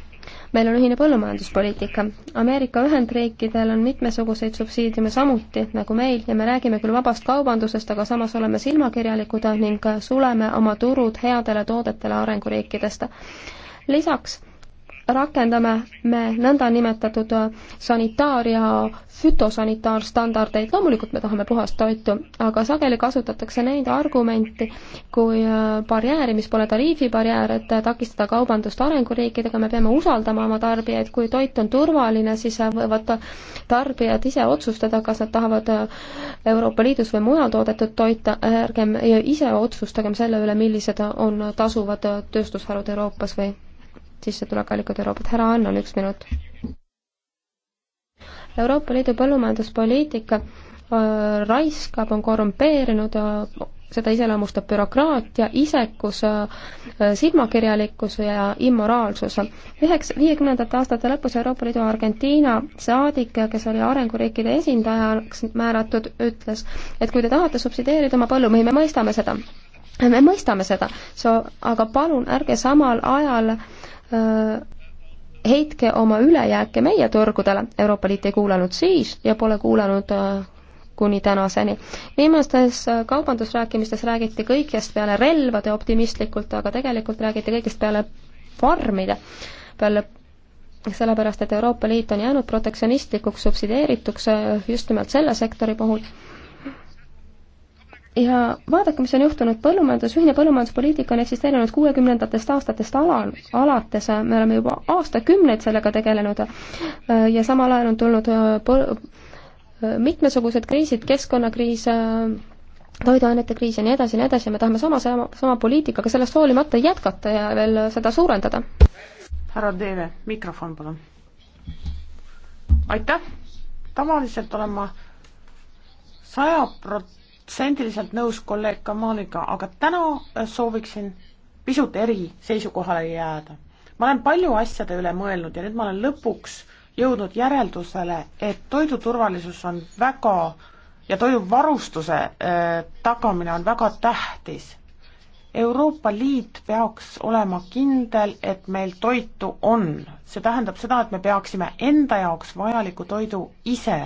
meil on ühine põllumajanduspoliitika. Ameerika Ühendriikidel on mitmesuguseid subsiidiume samuti nagu meil ja me räägime küll vabast kaubandusest, aga samas oleme silmakirjalikud ning suleme oma turud headele toodetele arenguriikidest. lisaks rakendame me nõndanimetatud sanitaar- ja fütosanitaarstandardeid, loomulikult me tahame puhast toitu, aga sageli kasutatakse neid argumenti kui äh, barjääri, mis pole tariifibarjäär, et takistada kaubandust arenguriikidega, me peame usaldama oma tarbijaid, kui toit on turvaline, siis võivad tarbijad ise otsustada, kas nad tahavad äh, Euroopa Liidus või mujal toodetud toita, ärgem ise otsustagem selle üle, millised on tasuvad tööstusharud Euroopas või sissetulekuallikad Euroopat. härra Annan, üks minut. Euroopa Liidu põllumajanduspoliitika raiskab, on korrumpeerinud, seda iseloomustab bürokraatia, isekus, silmakirjalikkus ja immoraalsus. üheks, viiekümnendate aastate lõpus Euroopa Liidu Argentiina saadik, kes oli arenguriikide esindajaks määratud, ütles, et kui te tahate subsideerida oma põllumehi, me mõistame seda me mõistame seda, so, aga palun ärge samal ajal äh, Äh, heitke oma ülejääke meie turgudele, Euroopa Liit ei kuulanud siis ja pole kuulanud äh, kuni tänaseni. viimastes äh, kaubandusrääkimistes räägiti kõigest peale relvade optimistlikult, aga tegelikult räägiti kõigest peale farmide, peale sellepärast, et Euroopa Liit on jäänud protektsionistlikuks, subsideerituks just nimelt selle sektori puhul ja vaadake, mis on juhtunud põllumajandus, ühine põllumajanduspoliitika on eksisteerinud kuuekümnendatest aastatest alal, alates, me oleme juba aastakümneid sellega tegelenud ja samal ajal on tulnud äh, äh, mitmesugused kriisid, keskkonnakriis, äh, toiduainete kriis ja nii edasi ja nii edasi ja me tahame sama, sama, sama poliitikaga sellest hoolimata jätkata ja veel seda suurendada. härra Teele, mikrofon palun. aitäh, tavaliselt olen ma saja prot-, sajaprotsendiliselt nõus kolleeg Kamaliga, aga täna äh, sooviksin pisut eri seisukohale jääda. ma olen palju asjade üle mõelnud ja nüüd ma olen lõpuks jõudnud järeldusele, et toiduturvalisus on väga ja toiduvarustuse äh, tagamine on väga tähtis. Euroopa Liit peaks olema kindel, et meil toitu on. see tähendab seda, et me peaksime enda jaoks vajaliku toidu ise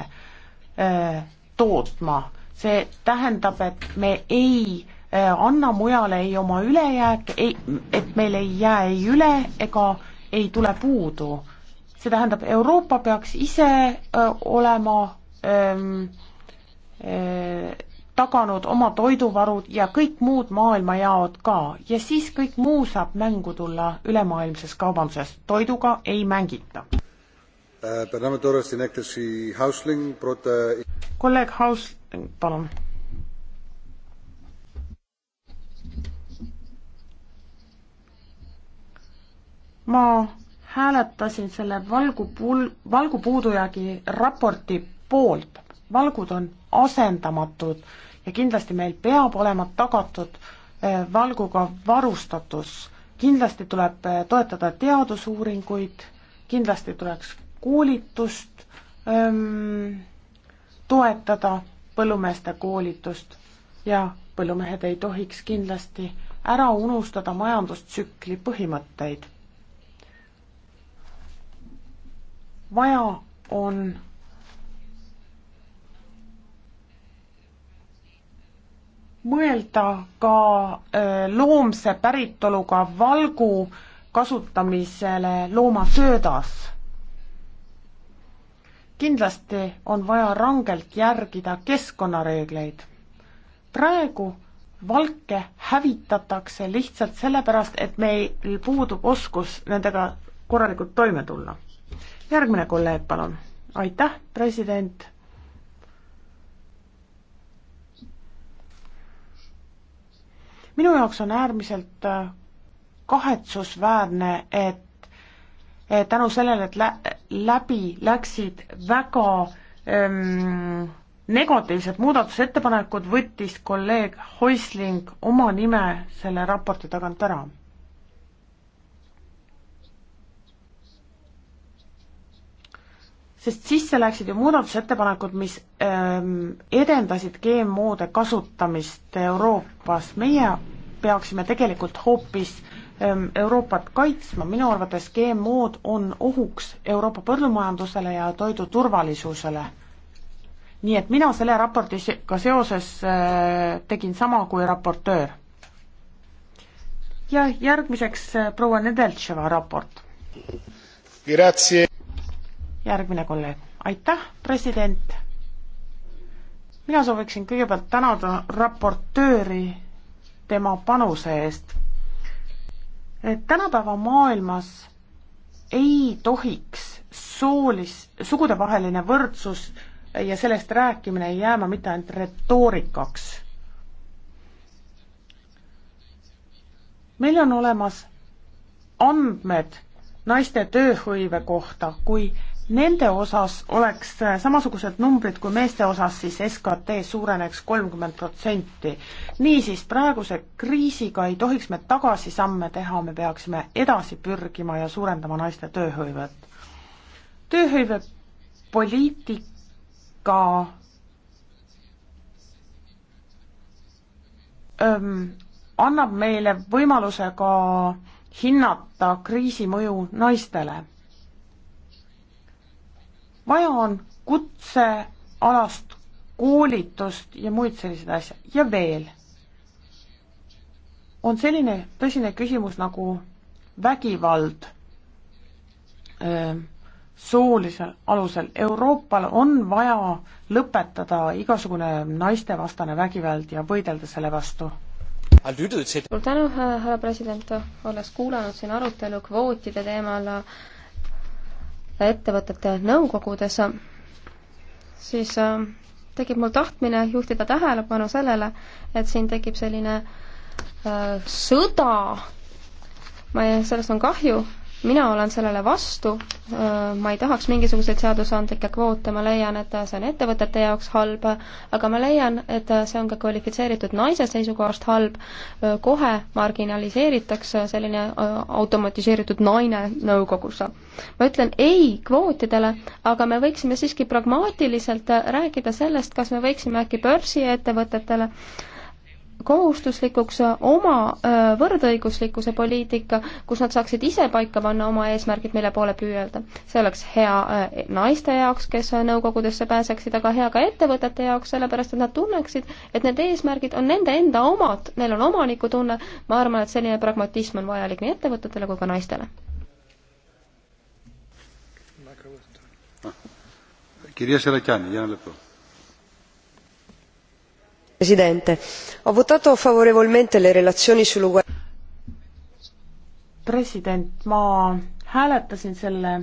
äh, tootma see tähendab, et me ei äh, anna mujale ei oma ülejääk, ei, et meil ei jää ei üle ega ei tule puudu. see tähendab, Euroopa peaks ise öö, äh, olema öö, ähm, öö, äh, taganud oma toiduvarud ja kõik muud maailmajaod ka ja siis kõik muu saab mängu tulla ülemaailmses kaubanduses, toiduga ei mängita äh,. kolleeg Haus-, palun. ma hääletasin selle valgupul-, valgupuudujäägi raporti poolt. valgud on asendamatud ja kindlasti meil peab olema tagatud eh, valguga varustatus. kindlasti tuleb eh, toetada teadusuuringuid, kindlasti tuleks koolitust öö, ehm, toetada põllumeeste koolitust ja põllumehed ei tohiks kindlasti ära unustada majandustsükli põhimõtteid. vaja on mõelda ka loomse päritoluga valgu kasutamisele loomasöödas kindlasti on vaja rangelt järgida keskkonnareegleid. praegu valke hävitatakse lihtsalt sellepärast, et meil puudub oskus nendega korralikult toime tulla. järgmine kolleeg, palun. aitäh, president. minu jaoks on äärmiselt äh, kahetsusväärne, et Eh, tänu sellele, et lä-, läbi läksid väga ähm, negatiivsed muudatusettepanekud, võttis kolleeg Häusling oma nime selle raporti tagant ära. sest sisse läksid ju muudatusettepanekud, mis ähm, edendasid GMO-de kasutamist Euroopas, meie peaksime tegelikult hoopis äh, Ähm, Euroopat kaitsma, minu arvates GMO-d on ohuks Euroopa põllumajandusele ja toidu turvalisusele. nii et mina selle raportiga seoses äh, tegin sama kui raportöör. ja järgmiseks äh, proua Nedeltševa raport. järgmine kolleeg, aitäh, president. mina sooviksin kõigepealt tänada raportööri tema panuse eest tänapäeva maailmas ei tohiks soolis, sugudevaheline võrdsus ja sellest rääkimine ei jääma mitte ainult retoorikaks. meil on olemas andmed naiste tööhõive kohta, kui nende osas oleks äh, samasugused numbrid kui meeste osas, siis SKT suureneks kolmkümmend protsenti. niisiis, praeguse kriisiga ei tohiks me tagasisamme teha, me peaksime edasi pürgima ja suurendama naiste tööhõivet. tööhõivepoliitika öm, annab meile võimaluse ka hinnata kriisi mõju naistele vaja on kutsealast koolitust ja muid selliseid asju ja veel on selline tõsine küsimus nagu vägivald äh, soolisel alusel. Euroopal on vaja lõpetada igasugune naistevastane vägivald ja võidelda selle vastu. suur tänu, härra president, olles kuulanud siin arutelu kvootide teemal äh, ettevõtete nõukogudes, siis äh, tekib mul tahtmine juhtida tähelepanu sellele, et siin tekib selline äh, sõda, ma ei, sellest on kahju, mina olen sellele vastu, ma ei tahaks mingisuguseid seadusandlikke kvoote, ma leian, et see on ettevõtete jaoks halb, aga ma leian, et see on ka kvalifitseeritud naise seisukohast halb, kohe marginaliseeritakse selline automatiseeritud naine nõukogus. ma ütlen ei kvootidele, aga me võiksime siiski pragmaatiliselt rääkida sellest, kas me võiksime äkki börsiettevõtetele äh, kohustuslikuks äh, oma äh, võrdõiguslikkuse poliitika, kus nad saaksid ise paika panna oma eesmärgid, mille poole püüelda. see oleks hea äh, naiste jaoks, kes nõukogudesse pääseksid, aga hea ka ettevõtete jaoks, sellepärast et nad tunneksid, et need eesmärgid on nende enda omad, neil on omanikutunne, ma arvan, et selline pragmatism on vajalik nii ettevõtetele kui ka naistele. kirja Seretjani, jää lõppu signor presidente onorevoli colleghi ho votato favorevolmente le relazioni sull'uguaglianza. president ma hääletasin selle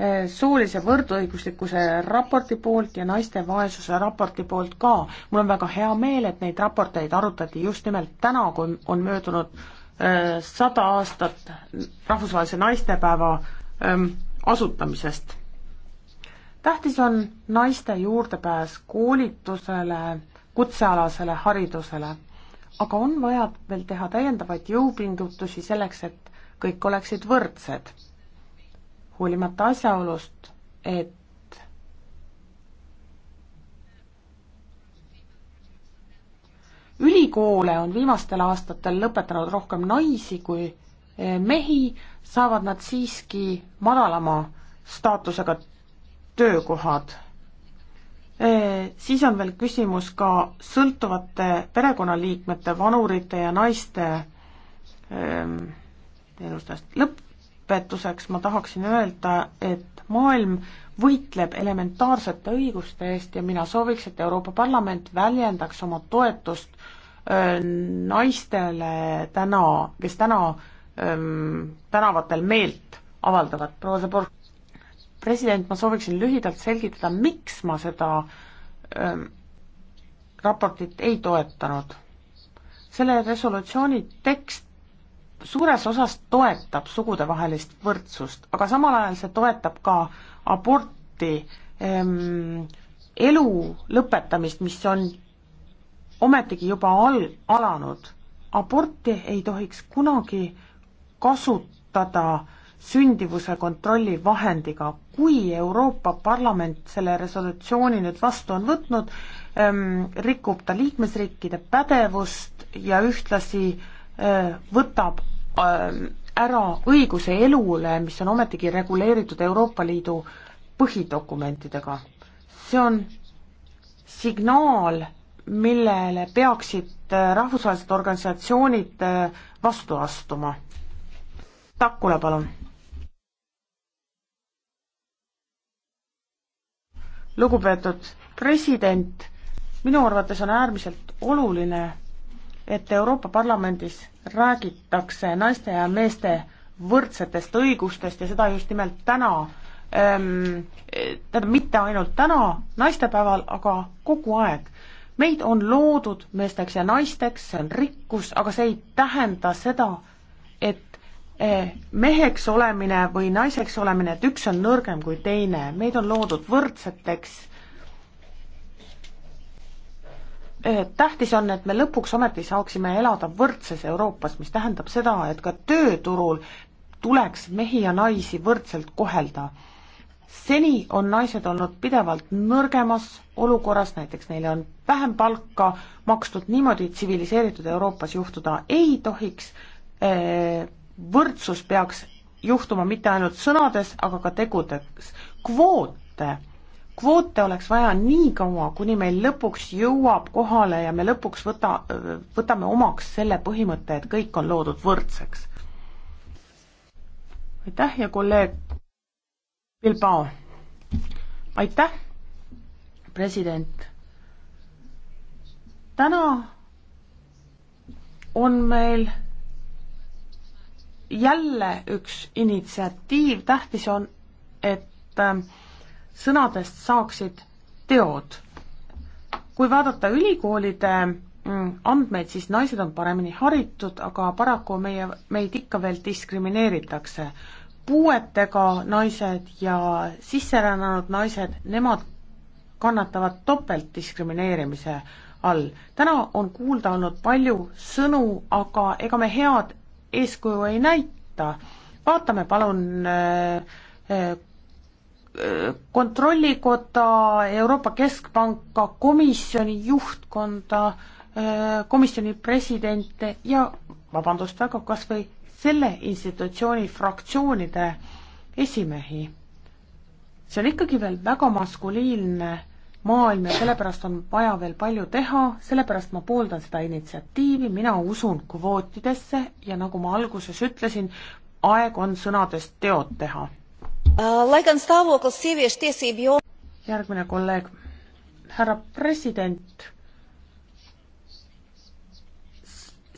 eh, soolise võrdõiguslikkuse raporti poolt ja naiste vaesuse raporti poolt ka. mul on väga hea meel, et neid raporteid arutati just nimelt täna, kui on möödunud eh, sada aastat rahvusvahelise naistepäeva ehm, asutamisest. tähtis on naiste juurdepääs koolitusele, kutsealasele haridusele. aga on vaja veel teha täiendavaid jõupingutusi selleks, et kõik oleksid võrdsed. hoolimata asjaolust, et ülikoole on viimastel aastatel lõpetanud rohkem naisi kui eh, mehi, saavad nad siiski madalama staatusega töökohad siis on veel küsimus ka sõltuvate perekonnaliikmete, vanurite ja naiste ähm, teenustest. lõpetuseks ma tahaksin öelda, et maailm võitleb elementaarsete õiguste eest ja mina sooviks, et Euroopa Parlament väljendaks oma toetust öö, äh, naistele täna, kes täna öö, ähm, tänavatel meelt avaldavad. proua Zabor- president, ma sooviksin lühidalt selgitada, miks ma seda ähm, raportit ei toetanud. selle resolutsiooni tekst suures osas toetab sugudevahelist võrdsust, aga samal ajal see toetab ka aborti ähm,, elu lõpetamist, mis on ometigi juba al-, alanud. aborti ei tohiks kunagi kasutada äh, sündivuse kontrolli vahendiga. kui Euroopa Parlament selle resolutsiooni nüüd vastu on võtnud ähm,, rikub ta liikmesriikide pädevust ja ühtlasi äh, võtab äh, ära õiguse elule, mis on ometigi reguleeritud Euroopa Liidu põhidokumentidega. see on signaal, millele peaksid äh, rahvusvahelised organisatsioonid äh, vastu astuma. Takula, palun lugupeetud president, minu arvates on äärmiselt oluline, et Euroopa Parlamendis räägitakse naiste ja meeste võrdsetest õigustest ja seda just nimelt täna, ehm, tähendab, mitte ainult täna, naistepäeval, aga kogu aeg. meid on loodud meesteks ja naisteks, see on rikkus, aga see ei tähenda seda, et meheks olemine või naiseks olemine, et üks on nõrgem kui teine, meid on loodud võrdseteks. Äh, tähtis on, et me lõpuks ometi saaksime elada võrdses Euroopas, mis tähendab seda, et ka tööturul tuleks mehi ja naisi võrdselt kohelda. seni on naised olnud pidevalt nõrgemas olukorras, näiteks neile on vähem palka makstud, niimoodi tsiviliseeritud Euroopas juhtuda ei tohiks eh, võrdsus peaks juhtuma mitte ainult sõnades, aga ka tegudes. kvoote, kvoote oleks vaja nii kaua, kuni meil lõpuks jõuab kohale ja me lõpuks võta, võtame omaks selle põhimõtte, et kõik on loodud võrdseks. aitäh ja kolleeg Bilbao. aitäh, president. täna on meil jälle üks initsiatiiv, tähtis on, et äh, sõnadest saaksid teod. kui vaadata ülikoolide mm, andmeid, siis naised on paremini haritud, aga paraku meie, meid ikka veel diskrimineeritakse. puuetega naised ja sisserännanud naised, nemad kannatavad topeltdiskrimineerimise all. täna on kuulda olnud palju sõnu, aga ega me head eeskuju ei näita. vaatame palun äh, äh, kontrollikoda, Euroopa Keskpanka, komisjoni juhtkonda, äh, komisjoni presidente ja vabandust väga, kas või selle institutsiooni fraktsioonide esimehi. see on ikkagi veel väga maskuliinne maailm ja sellepärast on vaja veel palju teha, sellepärast ma pooldan seda initsiatiivi, mina usun kvootidesse ja nagu ma alguses ütlesin, aeg on sõnadest teod teha. Äh, järgmine kolleeg, härra president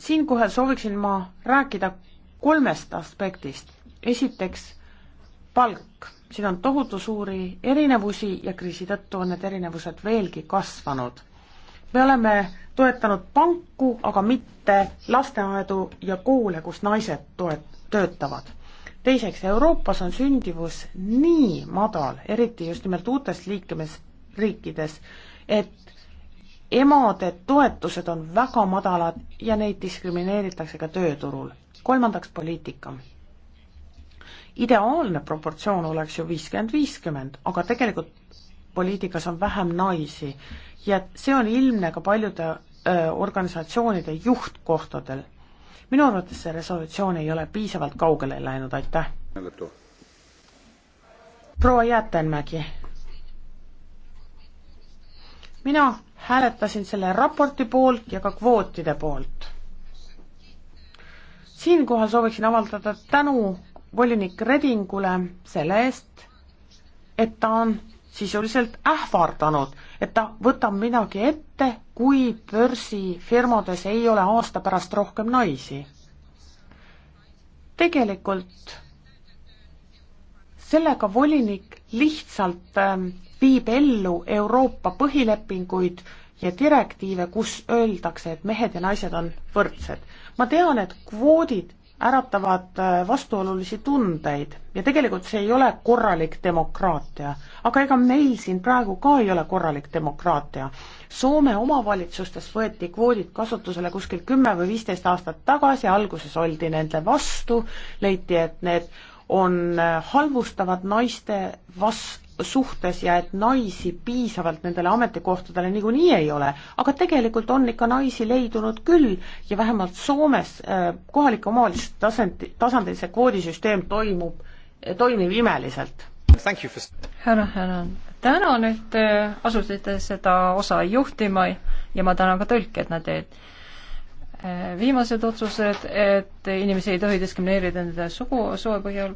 siinkohal sooviksin ma rääkida kolmest aspektist. esiteks palk siin on tohutu suuri erinevusi ja kriisi tõttu on need erinevused veelgi kasvanud. me oleme toetanud panku, aga mitte lasteaedu ja koole, kus naised toet-, töötavad. teiseks, Euroopas on sündivus nii madal, eriti just nimelt uutes liikemes, riikides, et emade toetused on väga madalad ja neid diskrimineeritakse ka tööturul. kolmandaks, poliitika ideaalne proportsioon oleks ju viiskümmend, viiskümmend, aga tegelikult poliitikas on vähem naisi ja see on ilmne ka paljude öö, organisatsioonide juhtkohtadel. minu arvates see resolutsioon ei ole piisavalt kaugele läinud, aitäh. proua Jäätenmägi. mina hääletasin selle raporti poolt ja ka kvootide poolt. siinkohal sooviksin avaldada tänu volinik Redingule selle eest, et ta on sisuliselt ähvardanud, et ta võtab midagi ette, kui börsifirmades ei ole aasta pärast rohkem naisi. tegelikult sellega volinik lihtsalt ähm, viib ellu Euroopa põhilepinguid ja direktiive, kus öeldakse, et mehed ja naised on võrdsed. ma tean, et kvoodid äratavad äh, vastuolulisi tundeid ja tegelikult see ei ole korralik demokraatia. aga ega meil siin praegu ka ei ole korralik demokraatia. Soome omavalitsustes võeti kvoodid kasutusele kuskil kümme või viisteist aastat tagasi, alguses oldi nende vastu, leiti, et need on äh, halvustavad naiste vas-, suhtes ja et naisi piisavalt nendele ametikohtadele niikuinii ei ole, aga tegelikult on ikka naisi leidunud küll ja vähemalt Soomes äh, kohalike omavalitsuste tasand, tasandil see kvoodisüsteem toimub, äh, toimib imeliselt. härra Hänan, tänan, et äh, te asusite seda osa juhtima ja ma tänan ka tõlke, et nad teed viimased otsused, et inimesi ei tohi diskrimineerida nende sugu, soo põhjal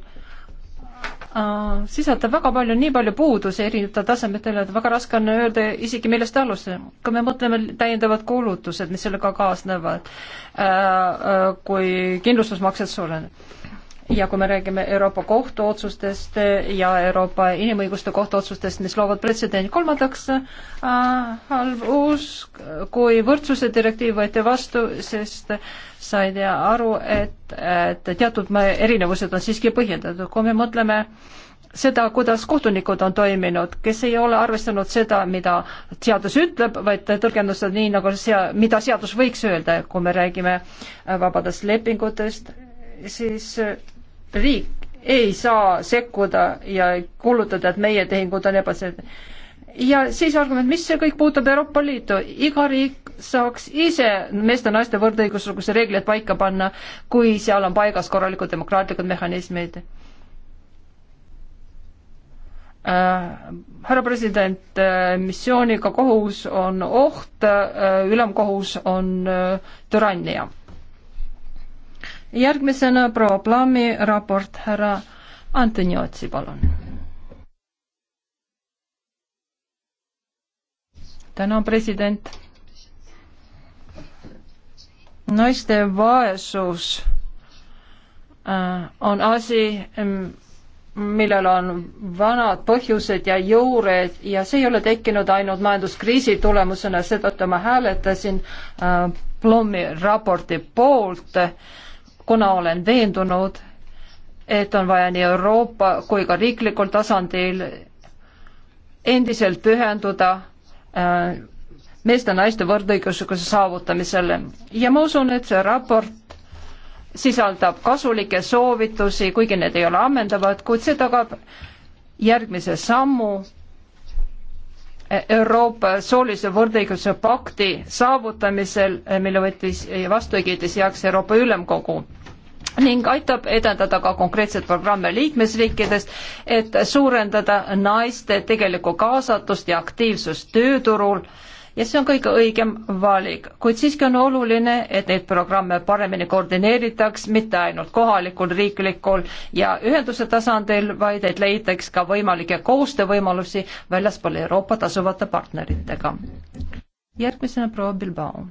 Äh, sisaldab väga palju, nii palju puudusi erinevatel tasemetel, et väga raske on öelda isegi, millest alustada. kui me mõtleme täiendavad kulutused, mis sellega kaasnevad, äh, äh, kui kindlustusmaksed suurenevad ja kui me räägime Euroopa kohtuotsustest ja Euroopa inimõiguste kohtuotsustest, mis loovad pretsedendi, kolmandaks äh, halb usk, kui võrdsuse direktiiv võeti vastu, sest sa ei tea aru, et, et teatud erinevused on siiski põhjendatud, kui me mõtleme seda, kuidas kohtunikud on toiminud, kes ei ole arvestanud seda, mida seadus ütleb, vaid tõlgendused nii, nagu sea-, mida seadus võiks öelda, kui me räägime vabadest lepingutest, siis riik ei saa sekkuda ja kuulutada, et meie tehingud on ebaselged. ja siis argument, mis see kõik puutub Euroopa Liitu, iga riik saaks ise meeste-naiste võrdõiguslikkuse reeglid paika panna, kui seal on paigas korralikud demokraatlikud mehhanismid äh,. härra president äh,, missiooniga kohus on oht äh,, ülemkohus on äh, türannia järgmisena proua Plami raport härra Antoni Otsi, palun. tänan, president. naiste vaesus äh, on asi, millel on vanad põhjused ja juured ja see ei ole tekkinud ainult majanduskriisi tulemusena, seetõttu ma hääletasin äh, Plummi raporti poolt äh, kuna olen veendunud, et on vaja nii Euroopa kui ka riiklikul tasandil endiselt pühenduda äh, meeste ja naiste võrdõiguslikkuse saavutamisele ja ma usun, et see raport sisaldab kasulikke soovitusi, kuigi need ei ole ammendavad, kuid see tagab järgmise sammu Euroopa soolise võrdõiguse pakti saavutamisel, mille võttis vastu ja kiitis heaks Euroopa Ülemkogu ning aitab edendada ka konkreetseid programme liikmesriikides, et suurendada naiste tegelikku kaasatust ja aktiivsust tööturul ja see on kõige õigem valik, kuid siiski on oluline, et neid programme paremini koordineeritaks, mitte ainult kohalikul, riiklikul ja ühenduse tasandil, vaid et leitaks ka võimalikke koostöövõimalusi väljaspool Euroopa tasuvate partneritega. järgmisena proua Bilbao.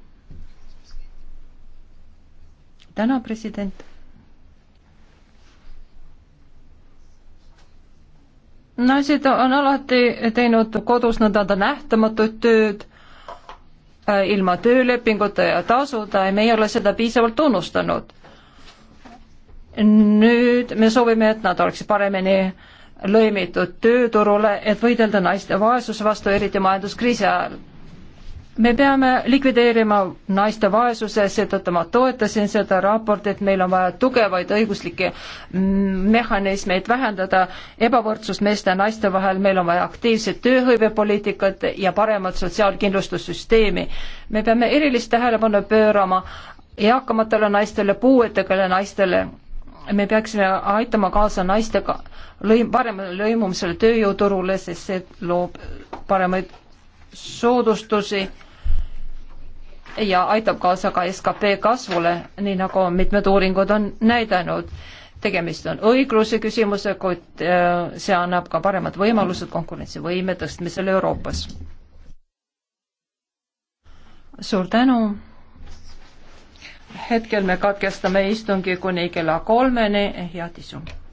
täna president naised on alati teinud kodus nõnda nähtamatut tööd äh, ilma töölepinguta ja tasuda ja me ei ole seda piisavalt tunnustanud. nüüd me soovime, et nad oleksid paremini lõimitud tööturule, et võidelda naiste vaesuse vastu, eriti majanduskriisi ajal me peame likvideerima naiste vaesuse, seetõttu ma toetasin seda raportit, meil on vaja tugevaid õiguslikke mehhanismeid, vähendada ebavõrdsust meeste ja naiste vahel, meil on vaja aktiivset tööhõivepoliitikat ja paremat sotsiaalkindlustussüsteemi. me peame erilist tähelepanu pöörama eakamatele naistele, puuetega naistele, me peaksime aitama kaasa naistega lõim-, paremale lõimumisele tööjõuturule, sest see loob paremaid soodustusi ja aitab kaasa ka skp kasvule, nii nagu mitmed uuringud on näidanud. tegemist on õigluse küsimusega, kuid äh, see annab ka paremad võimalused konkurentsivõime tõstmisel Euroopas. suur tänu. hetkel me katkestame istungi kuni kella kolmeni, head istungit.